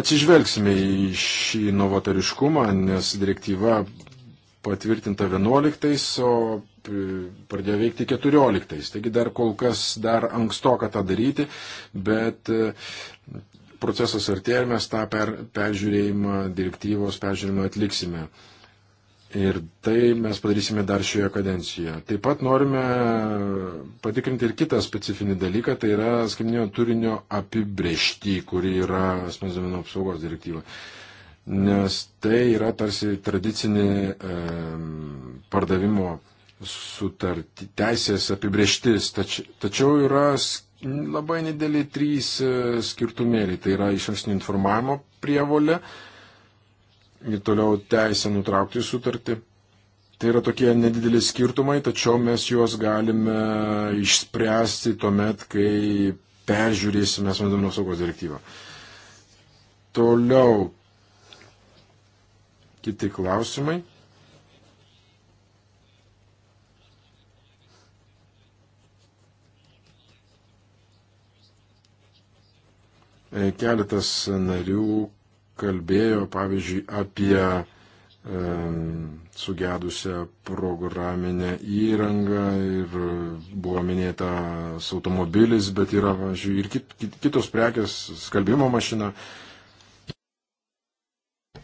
atsižvelgsime į šį novatariškumą, nes direktyva patvirtinta 11, o pradėjo veikti 14. Taigi dar kol kas dar ankstoka tą daryti, bet procesas artėja ir mes tą per, peržiūrėjimą, direktyvos peržiūrėjimą atliksime. Ir tai mes padarysime dar šioje kadencijoje. Taip pat norime patikrinti ir kitą specifinį dalyką, tai yra skaitminio turinio apibriešti, kuri yra asmens duomenų apsaugos direktyva. Nes tai yra tarsi tradicinė e, pardavimo sutarti, teisės apibrieštis, tač, tačiau yra labai nedėlį trys e, skirtumėliai. Tai yra iš ankstinio informavimo prievolė, e, ir toliau teisę nutraukti sutartį. Tai yra tokie nedideli skirtumai, tačiau mes juos galime išspręsti tuomet, kai peržiūrėsime asmens duomenų saugos direktyvą. Toliau kiti klausimai. E, keletas narių kalbėjo, pavyzdžiui, apie e, sugedusią programinę įrangą ir buvo minėtas automobilis, bet yra, pavyzdžiui, ir kit, kit, kitos prekės, skalbimo mašina.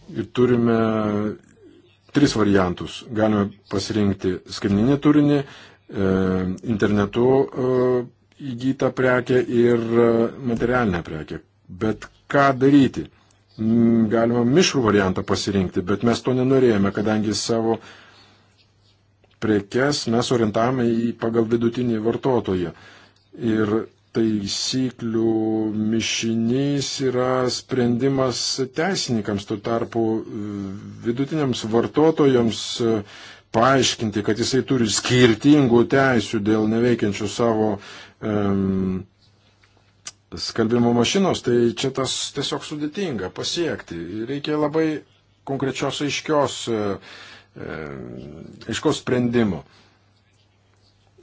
Ir turime tris variantus. Galime pasirinkti skaitmeninį turinį, e, internetu e, įgytą prekę ir e, materialinę prekę. Bet ką daryti? Mm, galima mišrų variantą pasirinkti, bet mes to nenorėjome, kadangi savo prekes mes orientavome į pagal vidutinį vartotoją. Ir taisyklių mišinys yra sprendimas teisininkams, tuo tarpu vidutiniams vartotojams paaiškinti, kad jisai turi skirtingų teisių dėl neveikiančių savo um, skalbimo mašinos, tai čia tas tiesiog sudėtinga pasiekti. Reikia labai konkrečios aiškios, e, e, aiškos sprendimo.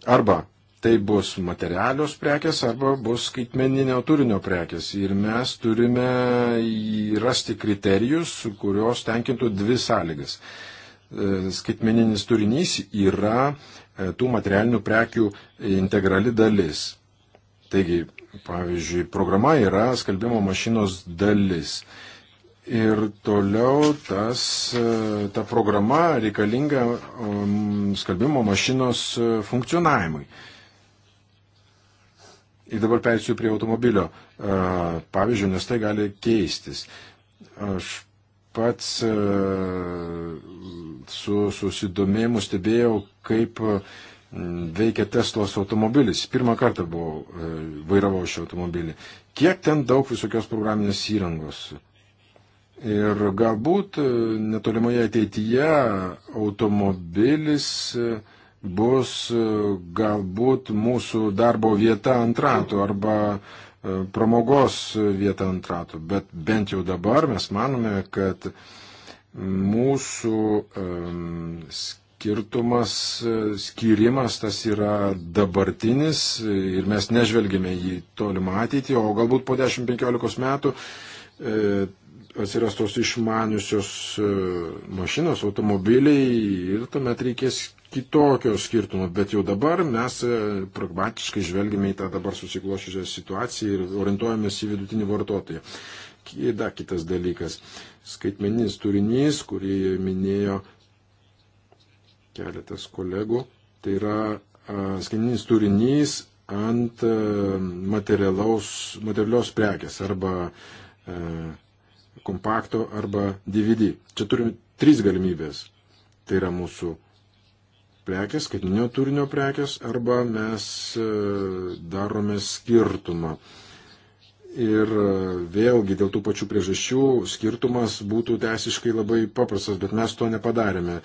Arba tai bus materialios prekes, arba bus skaitmeninio turinio prekes. Ir mes turime rasti kriterijus, kurios tenkintų dvi sąlygas. E, skaitmeninis turinys yra tų materialinių prekių integrali dalis Taigi, pavyzdžiui, programa yra skalbimo mašinos dalis. Ir toliau tas, e, ta programa reikalinga um, skalbimo mašinos e, funkcionavimui. Ir dabar persiu prie automobilio e, pavyzdžių, nes tai gali keistis. Aš pats su susidomėjimu stebėjau, kaip uh, veikia Teslos automobilis. Pirmą kartą buvau e, vairavau šį automobilį. Kiek ten daug visokios programinės įrangos. Ir galbūt e, netolimoje ateityje automobilis e, bus galbūt mūsų darbo vieta ant ratų arba pramogos vieta ant ratų. Bet bent jau dabar mes manome, kad mūsų um, skirtumas, e, skirimas tas yra dabartinis ir mes nežvelgime į tolimą ateitį, o galbūt po 10-15 metų e, atsiras tos išmaniusios e, mašinos, automobiliai ir tuomet reikės kitokio skirtumo, bet jau dabar mes e, pragmatiškai žvelgime į tą dabar susiklošusią situaciją ir orientuojamės į vidutinį vartotoją. Dar kitas dalykas - skaitmeninis turinys, kurį minėjo keletas kolegų. Tai yra skaitmeninis turinys ant materialios prekės arba e, kompakto arba DVD. Čia turime tris galimybės. Tai yra mūsų prekės, skaitminio turinio prekės arba mes e, darome skirtumą. Ir vėlgi dėl tų pačių priežasčių skirtumas būtų teisiškai labai paprastas, bet mes to nepadarėme. E,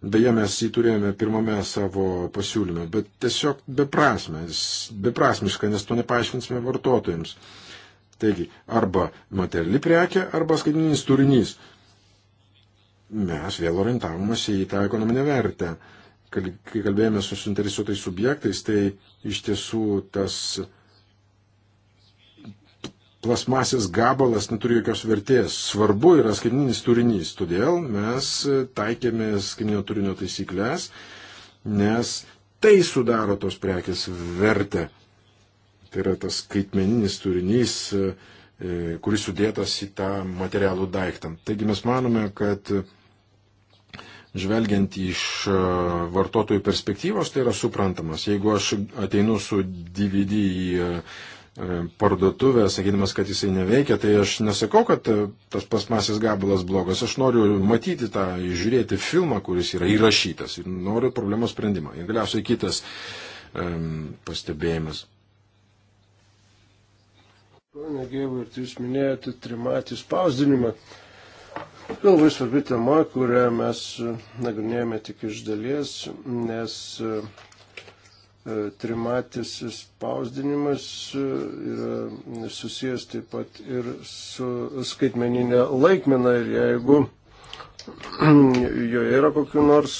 Beje, mes jį turėjome pirmame savo pasiūlyme, bet tiesiog beprasmės, beprasmiška, nes to nepaaiškinsime vartotojams. Taigi, arba materiali prekė, arba skaitininis turinys. Mes vėl orientavomės į tą ekonominę vertę. Kai kalbėjome su suinteresuotais subjektais, tai iš tiesų tas plasmasės gabalas neturi jokios vertės. Svarbu yra skaitmeninis turinys. Todėl mes taikėme skaitmeninio turinio taisyklės, nes tai sudaro tos prekės vertę. Tai yra tas skaitmeninis turinys, e, kuris sudėtas į tą materialų daiktą. Taigi mes manome, kad žvelgiant iš e, vartotojų perspektyvos, tai yra suprantamas. Jeigu aš ateinu su DVD į e, E, parduotuvę, sakydamas, kad jisai neveikia, tai aš nesakau, kad e, tas pasmasis gabalas blogas, aš noriu matyti tą, žiūrėti filmą, kuris yra įrašytas ir noriu problemos sprendimą. Ir galiausiai kitas um, pastebėjimas. Pane Gėvart, jūs minėjote trimatį spausdinimą. Labai svarbi tema, kurią mes e, nagrinėjame tik iš dalies, nes uh, E, trimatis spausdinimas e, yra susijęs taip pat ir su skaitmeninė laikmena ir jeigu joje yra kokiu nors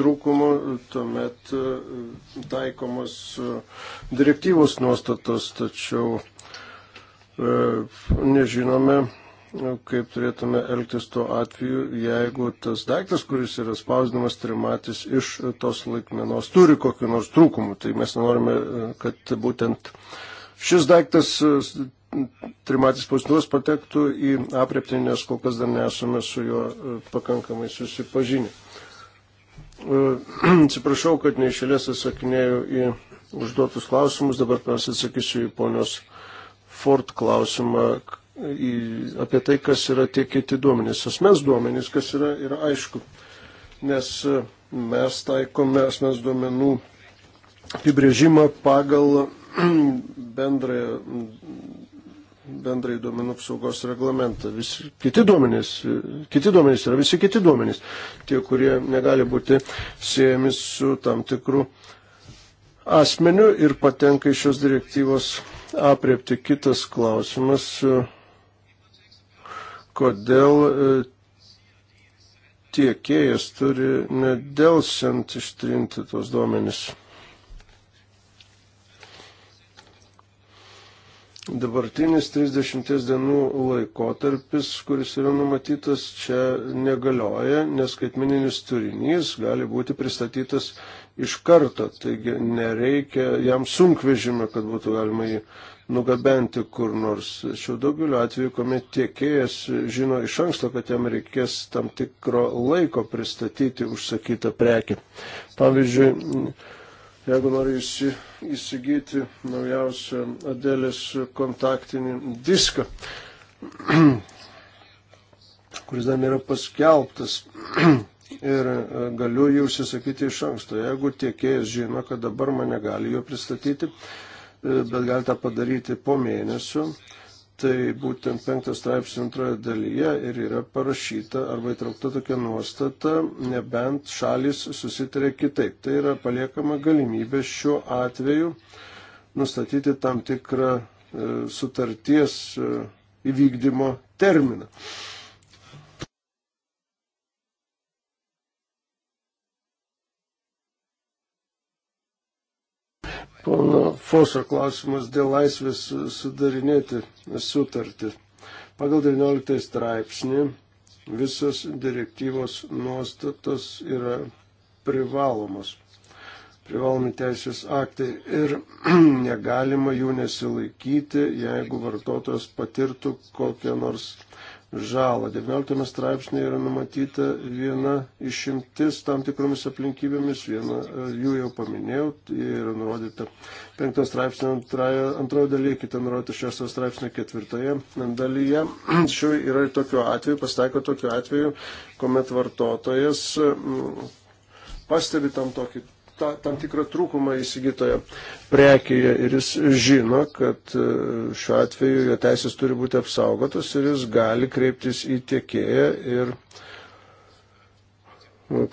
trūkumų, tuomet e, taikomos direktyvos nuostatos, tačiau nežinome, Nu, kaip turėtume elgtis tuo atveju, jeigu tas daiktas, kuris yra spausdinamas trimatis iš tos laikmenos, turi kokiu nors trūkumu. Tai mes norime, kad būtent šis daiktas trimatis spausdintuvas patektų į apreptinį, nes kol kas dar nesame su juo e, pakankamai susipažinę. E, atsiprašau, kad neišėlės atsakinėjau į užduotus klausimus, dabar persisakysiu į ponios Ford klausimą, apie tai, kas yra tie kiti duomenys. Asmens duomenys, kas yra, yra aišku, nes e, mes taikome asmens duomenų apibrėžimą pagal bendrąją bendrai duomenų apsaugos reglamentą. Visi, kiti, duomenys, e, kiti duomenys yra visi kiti duomenys, tie, kurie negali būti siejami su tam tikru asmeniu ir patenka į šios direktyvos apriepti. Kitas klausimas e, kodėl e, tiekėjas turi nedelsiant ištrinti tos duomenys. Dabartinis 30 dienų laikotarpis, kuris yra numatytas, čia negalioja, nes skaitmeninis turinys gali būti pristatytas iš karto, taigi nereikia jam sunkvežimio, kad būtų galima jį nugabenti kur nors. Šiuo daugeliu atveju, kuomet tiekėjas žino iš anksto, kad jam reikės tam tikro laiko pristatyti užsakytą prekį. Pavyzdžiui, jeigu nori įsigyti naujausią Adėlės kontaktinį diską, kuris dar nėra paskelbtas. ir e, galiu jį užsisakyti iš anksto. Jeigu tiekėjas žino, kad dabar mane gali jo pristatyti, E, bet galite padaryti po mėnesių. Tai būtent penktas straipsnio antroje dalyje ir yra parašyta arba įtraukta tokia nuostata, nebent šalis susitarė kitaip. Tai yra paliekama galimybė šiuo atveju nustatyti tam tikrą e, sutarties e, įvykdymo terminą. Pono Foso klausimas dėl laisvės sudarinėti sutartį. Pagal 19 straipsnį visos direktyvos nuostatos yra privalomos. Privalomi teisės aktai ir negalima jų nesilaikyti, jeigu vartotojas patirtų kokią nors žalą. 19 straipsnėje yra numatyta viena išimtis tam tikromis aplinkybėmis, viena e, jų jau paminėjau, tai yra nurodyta 5 straipsnio antrojo dalyje, kita nurodyta 6 straipsnio ketvirtoje dalyje. Šių yra ir tokiu atveju, pasitaiko tokiu atveju, kuomet vartotojas pastebi tam tokį ta, tam tikrą trūkumą įsigytoje prekėje ir jis žino, kad e, šiuo atveju jo teisės turi būti apsaugotos ir jis gali kreiptis į tiekėją ir e,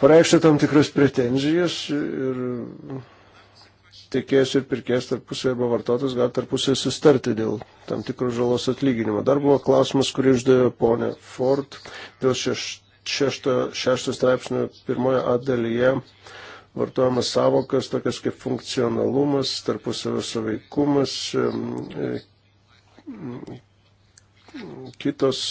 pareikšti tam tikras pretenzijas ir tiekėjas ir pirkėjas tarpusai arba vartotojas gali tarpusai sustarti dėl tam tikros žalos atlyginimo. Dar buvo klausimas, kurį išdavė ponė Ford dėl šeš, šešto, šešto straipsnio pirmojo A dalyje vartojamas savokas, tokias kaip funkcionalumas, tarpusavio saveikumas, e, kitos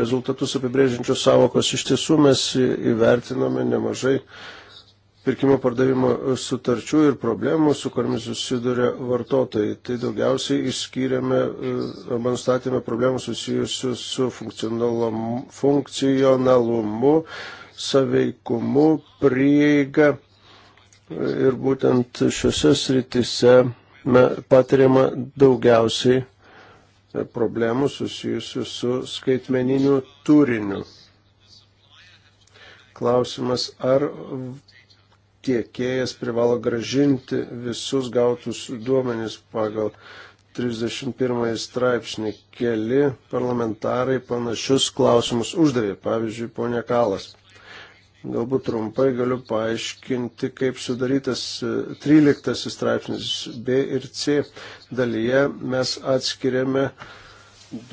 rezultatus apibrėžiančios savokos. Iš tiesų mes įvertinome nemažai pirkimo pardavimo sutarčių ir problemų, su kuriamis susiduria vartotojai. Tai daugiausiai išskyrėme, man e, statėme problemų susijusių su funkcionalumu, saveikumu, prieiga. Ir būtent šiuose sritise patiriama daugiausiai e, problemų susijusių su skaitmeniniu turiniu klausimas, ar tiekėjas privalo gražinti visus gautus duomenys pagal 31 straipsnį. Keli parlamentarai panašius klausimus uždavė, pavyzdžiui, ponė Kalas. Galbūt trumpai galiu paaiškinti, kaip sudarytas 13 e, straipsnis B ir C dalyje. Mes atskiriame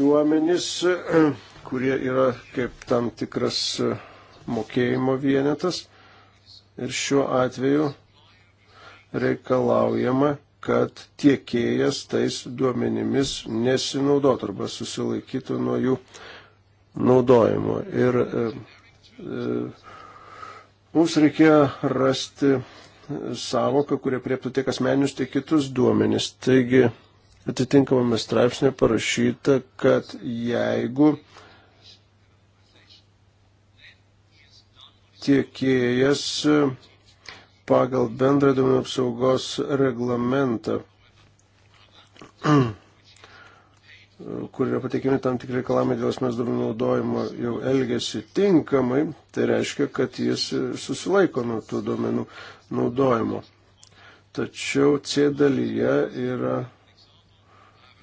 duomenys, e, kurie yra kaip tam tikras e, mokėjimo vienetas Ir šiuo atveju reikalaujama, kad tiekėjas tais duomenimis nesinaudotų arba susilaikytų nuo jų naudojimo. Ir e, e, mums reikėjo rasti savoką, kurie prieptų tiek asmeninius, tiek kitus duomenis. Taigi, atitinkamame straipsnė parašyta, kad jeigu e, tiekėjas e, pagal bendrą duomenų apsaugos reglamentą, kur yra pateikiami tam tikri reikalavimai dėl asmens duomenų naudojimo, jau elgesi tinkamai, tai reiškia, kad jis susilaiko nuo tų duomenų naudojimo. Tačiau C dalyje yra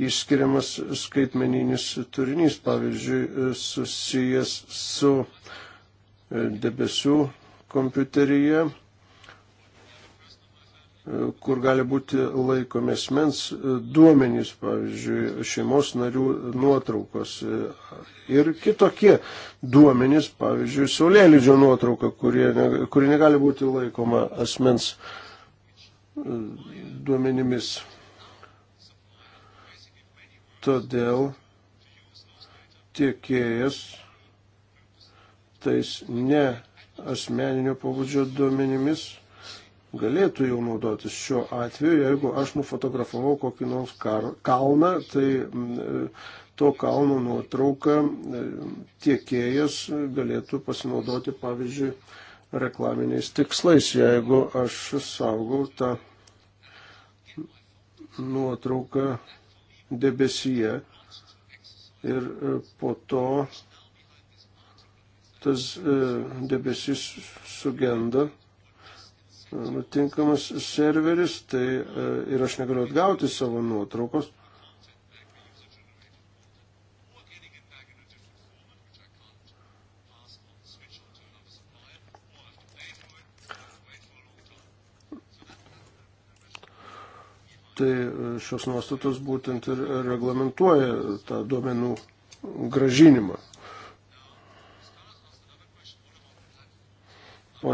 išskiriamas skaitmeninis turinys, pavyzdžiui, susijęs su E, debesų kompiuteryje, e, kur gali būti laikomi asmens e, duomenys, pavyzdžiui, šeimos narių nuotraukos ir kitokie duomenys, pavyzdžiui, saulėlydžio nuotrauka, kuri, kuri negali būti laikoma asmens duomenimis. Todėl tiekėjas tais ne asmeninio pobūdžio duomenimis galėtų jau naudotis šiuo atveju, jeigu aš nufotografavau kokį nors kar, kalną, tai mm, e, to kalno nuotrauką e, tiekėjas galėtų pasinaudoti, pavyzdžiui, reklaminiais tikslais, jeigu aš saugau tą nuotrauką debesyje ir e, po to tas e, debesis sugenda nutinkamas serveris, tai e, ir aš negaliu atgauti savo nuotraukos. Tai e, šios nuostatos būtent ir reglamentuoja tą duomenų gražinimą.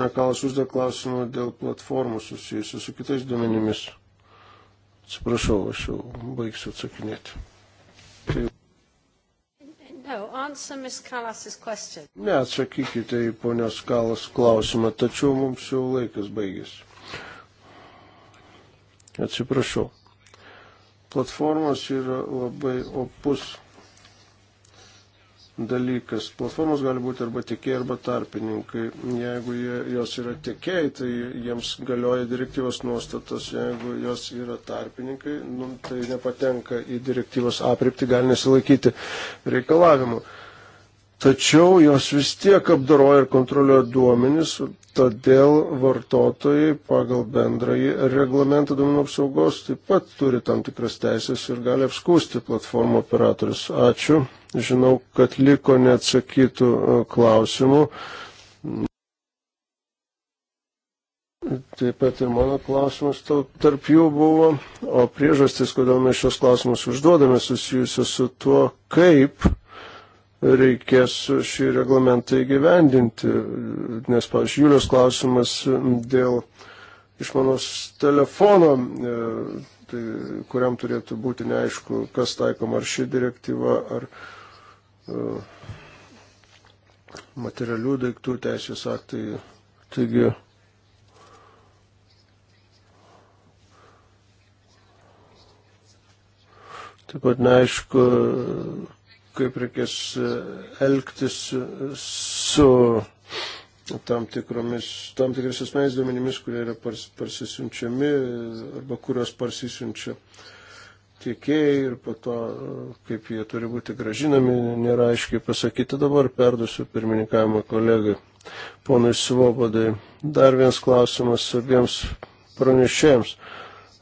Pone Kalas uždė klausimą dėl platformų susijusių su kitais duomenimis. Atsiprašau, aš jau baigsiu atsakinėti. Tai... Ne, atsakykite į ponios Kalas klausimą, tačiau mums jau laikas baigėsi. Atsiprašau. Platformos yra labai opus dalykas. Platformos gali būti arba tiekėjai, arba tarpininkai. Jeigu jie, jos yra tiekėjai, tai jiems galioja direktyvos nuostatos. Jeigu jos yra tarpininkai, nu, tai nepatenka į direktyvos aprypti, gali nesilaikyti reikalavimų tačiau jos vis tiek apdoroja ir kontroliuoja duomenis, todėl vartotojai pagal bendrąjį reglamentą duomenų apsaugos taip pat turi tam tikras teisės ir gali apskūsti platformų operatorius. Ačiū. Žinau, kad liko neatsakytų e, klausimų. Taip pat ir mano klausimas tarp jų buvo, o priežastis, kodėl mes šios klausimus užduodame, susijusios su tuo, kaip reikės šį reglamentą įgyvendinti, nes, pavyzdžiui, Julius klausimas dėl išmanos telefono, e, tai, kuriam turėtų būti neaišku, kas taikoma, ar ši direktyva, ar uh, materialių daiktų teisės aktai. Taigi, taip pat neaišku, kaip reikės e, elgtis e, su tam, tikromis, tam tikrais asmeniais duomenimis, kurie yra pars, parsisiunčiami e, arba kurios parsisiunčia tiekėjai ir po to, kaip jie turi būti gražinami, nėra aiškiai pasakyti dabar, perdusiu pirmininkavimą kolegai. Ponai Svobodai, dar vienas klausimas abiems pranešėjams.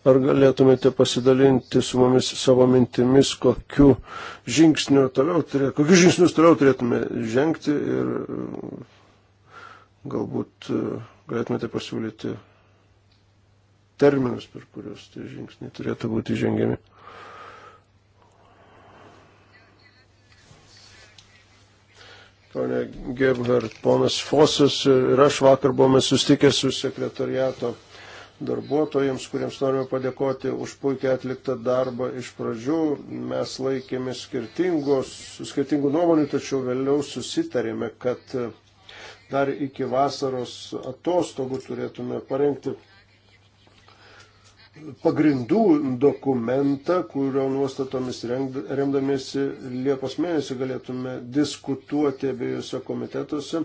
Ar galėtumėte pasidalinti su mumis savo mintimis, kokiu žingsniu toliau turėtume, kokius žingsnius toliau turėtume žengti ir galbūt galėtumėte pasiūlyti terminus, per kuriuos tie žingsniai turėtų būti žengiami. Pane Gebhardt, ponas Fosas ir aš vakar buvome sustikę su sekretariato darbuotojams, kuriems norime padėkoti už puikiai atliktą darbą iš pradžių. Mes laikėmės skirtingų nuomonių, tačiau vėliau susitarėme, kad dar iki vasaros atostogų turėtume parengti pagrindų dokumentą, kurio nuostatomis remdamėsi Liepos mėnesį galėtume diskutuoti abiejose komitetuose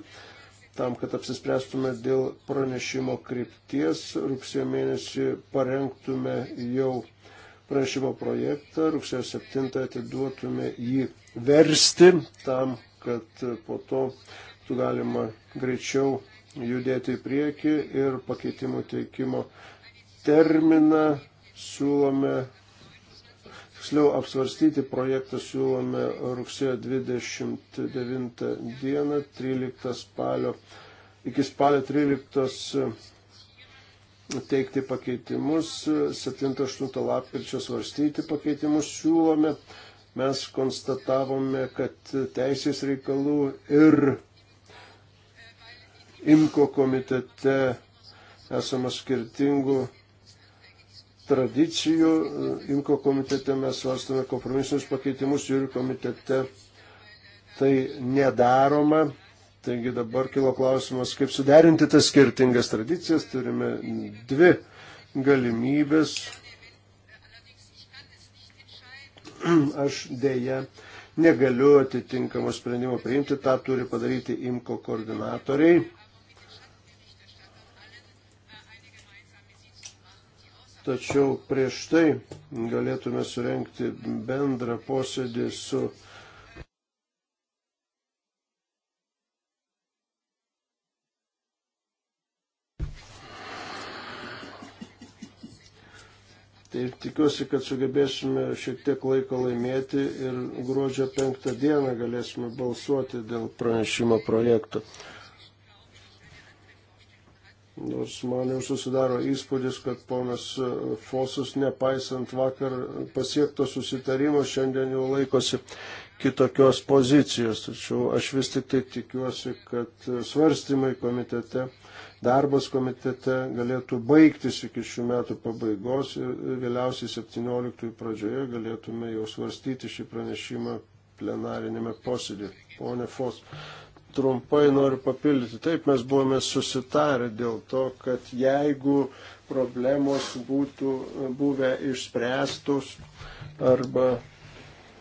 tam, kad apsispręstume dėl pranešimo krypties. Rugsėjo mėnesį parengtume jau pranešimo projektą, rugsėjo 7 atiduotume jį versti tam, kad po to būtų galima greičiau judėti į priekį ir pakeitimų teikimo terminą siūlome tiksliau apsvarstyti projektą siūlome rugsėjo 29 dieną, 13 spalio, iki spalio 13 e, teikti pakeitimus, 7-8 e, lapkričio svarstyti pakeitimus siūlome. Mes konstatavome, kad teisės reikalų ir IMKO komitete esama skirtingų tradicijų. E, imko komitete mes svarstame kompromisinius pakeitimus, jūrių komitete tai nedaroma. Taigi dabar kilo klausimas, kaip suderinti tas skirtingas tradicijas. Turime dvi galimybės. Aš dėja negaliu atitinkamo sprendimo priimti, tą turi padaryti imko koordinatoriai. Tačiau prieš tai galėtume surenkti bendrą posėdį su Tai tikiuosi, kad sugebėsime šiek tiek laiko laimėti ir gruodžio penktą dieną galėsime balsuoti dėl pranešimo projektų nors man jau susidaro įspūdis, kad ponas e, Fosus, nepaisant vakar pasiekto susitarimo, šiandien jau laikosi kitokios pozicijos. Tačiau aš vis tik tai tikiuosi, kad e, svarstymai komitete, darbas komitete galėtų baigtis iki šių metų pabaigos ir vėliausiai 17 pradžioje galėtume jau svarstyti šį pranešimą plenarinėme posėdėje. Pone Fos, trumpai noriu papildyti. Taip, mes buvome susitarę dėl to, kad jeigu problemos būtų buvę išspręstos arba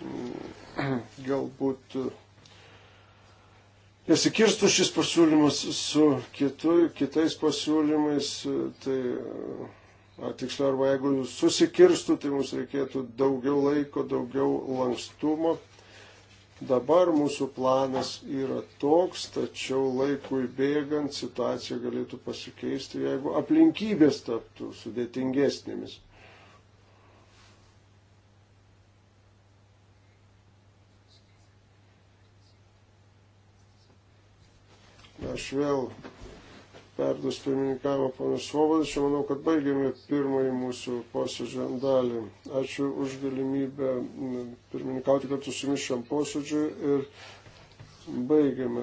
mm, galbūt nesikirstų šis pasiūlymas su kitu, kitais pasiūlymais, tai tiksliau arba jeigu susikirstų, tai mums reikėtų daugiau laiko, daugiau lankstumo Dabar mūsų planas yra toks, tačiau laikui bėgant situacija galėtų pasikeisti, jeigu aplinkybės taptų sudėtingesnėmis. Aš vėl perduos pirmininkavimą ponas Svobodas. Čia manau, kad baigėme pirmąjį mūsų posėdžio dalį. Ačiū už galimybę mm, pirmininkauti kartu su jumis šiam posėdžiu ir baigėme.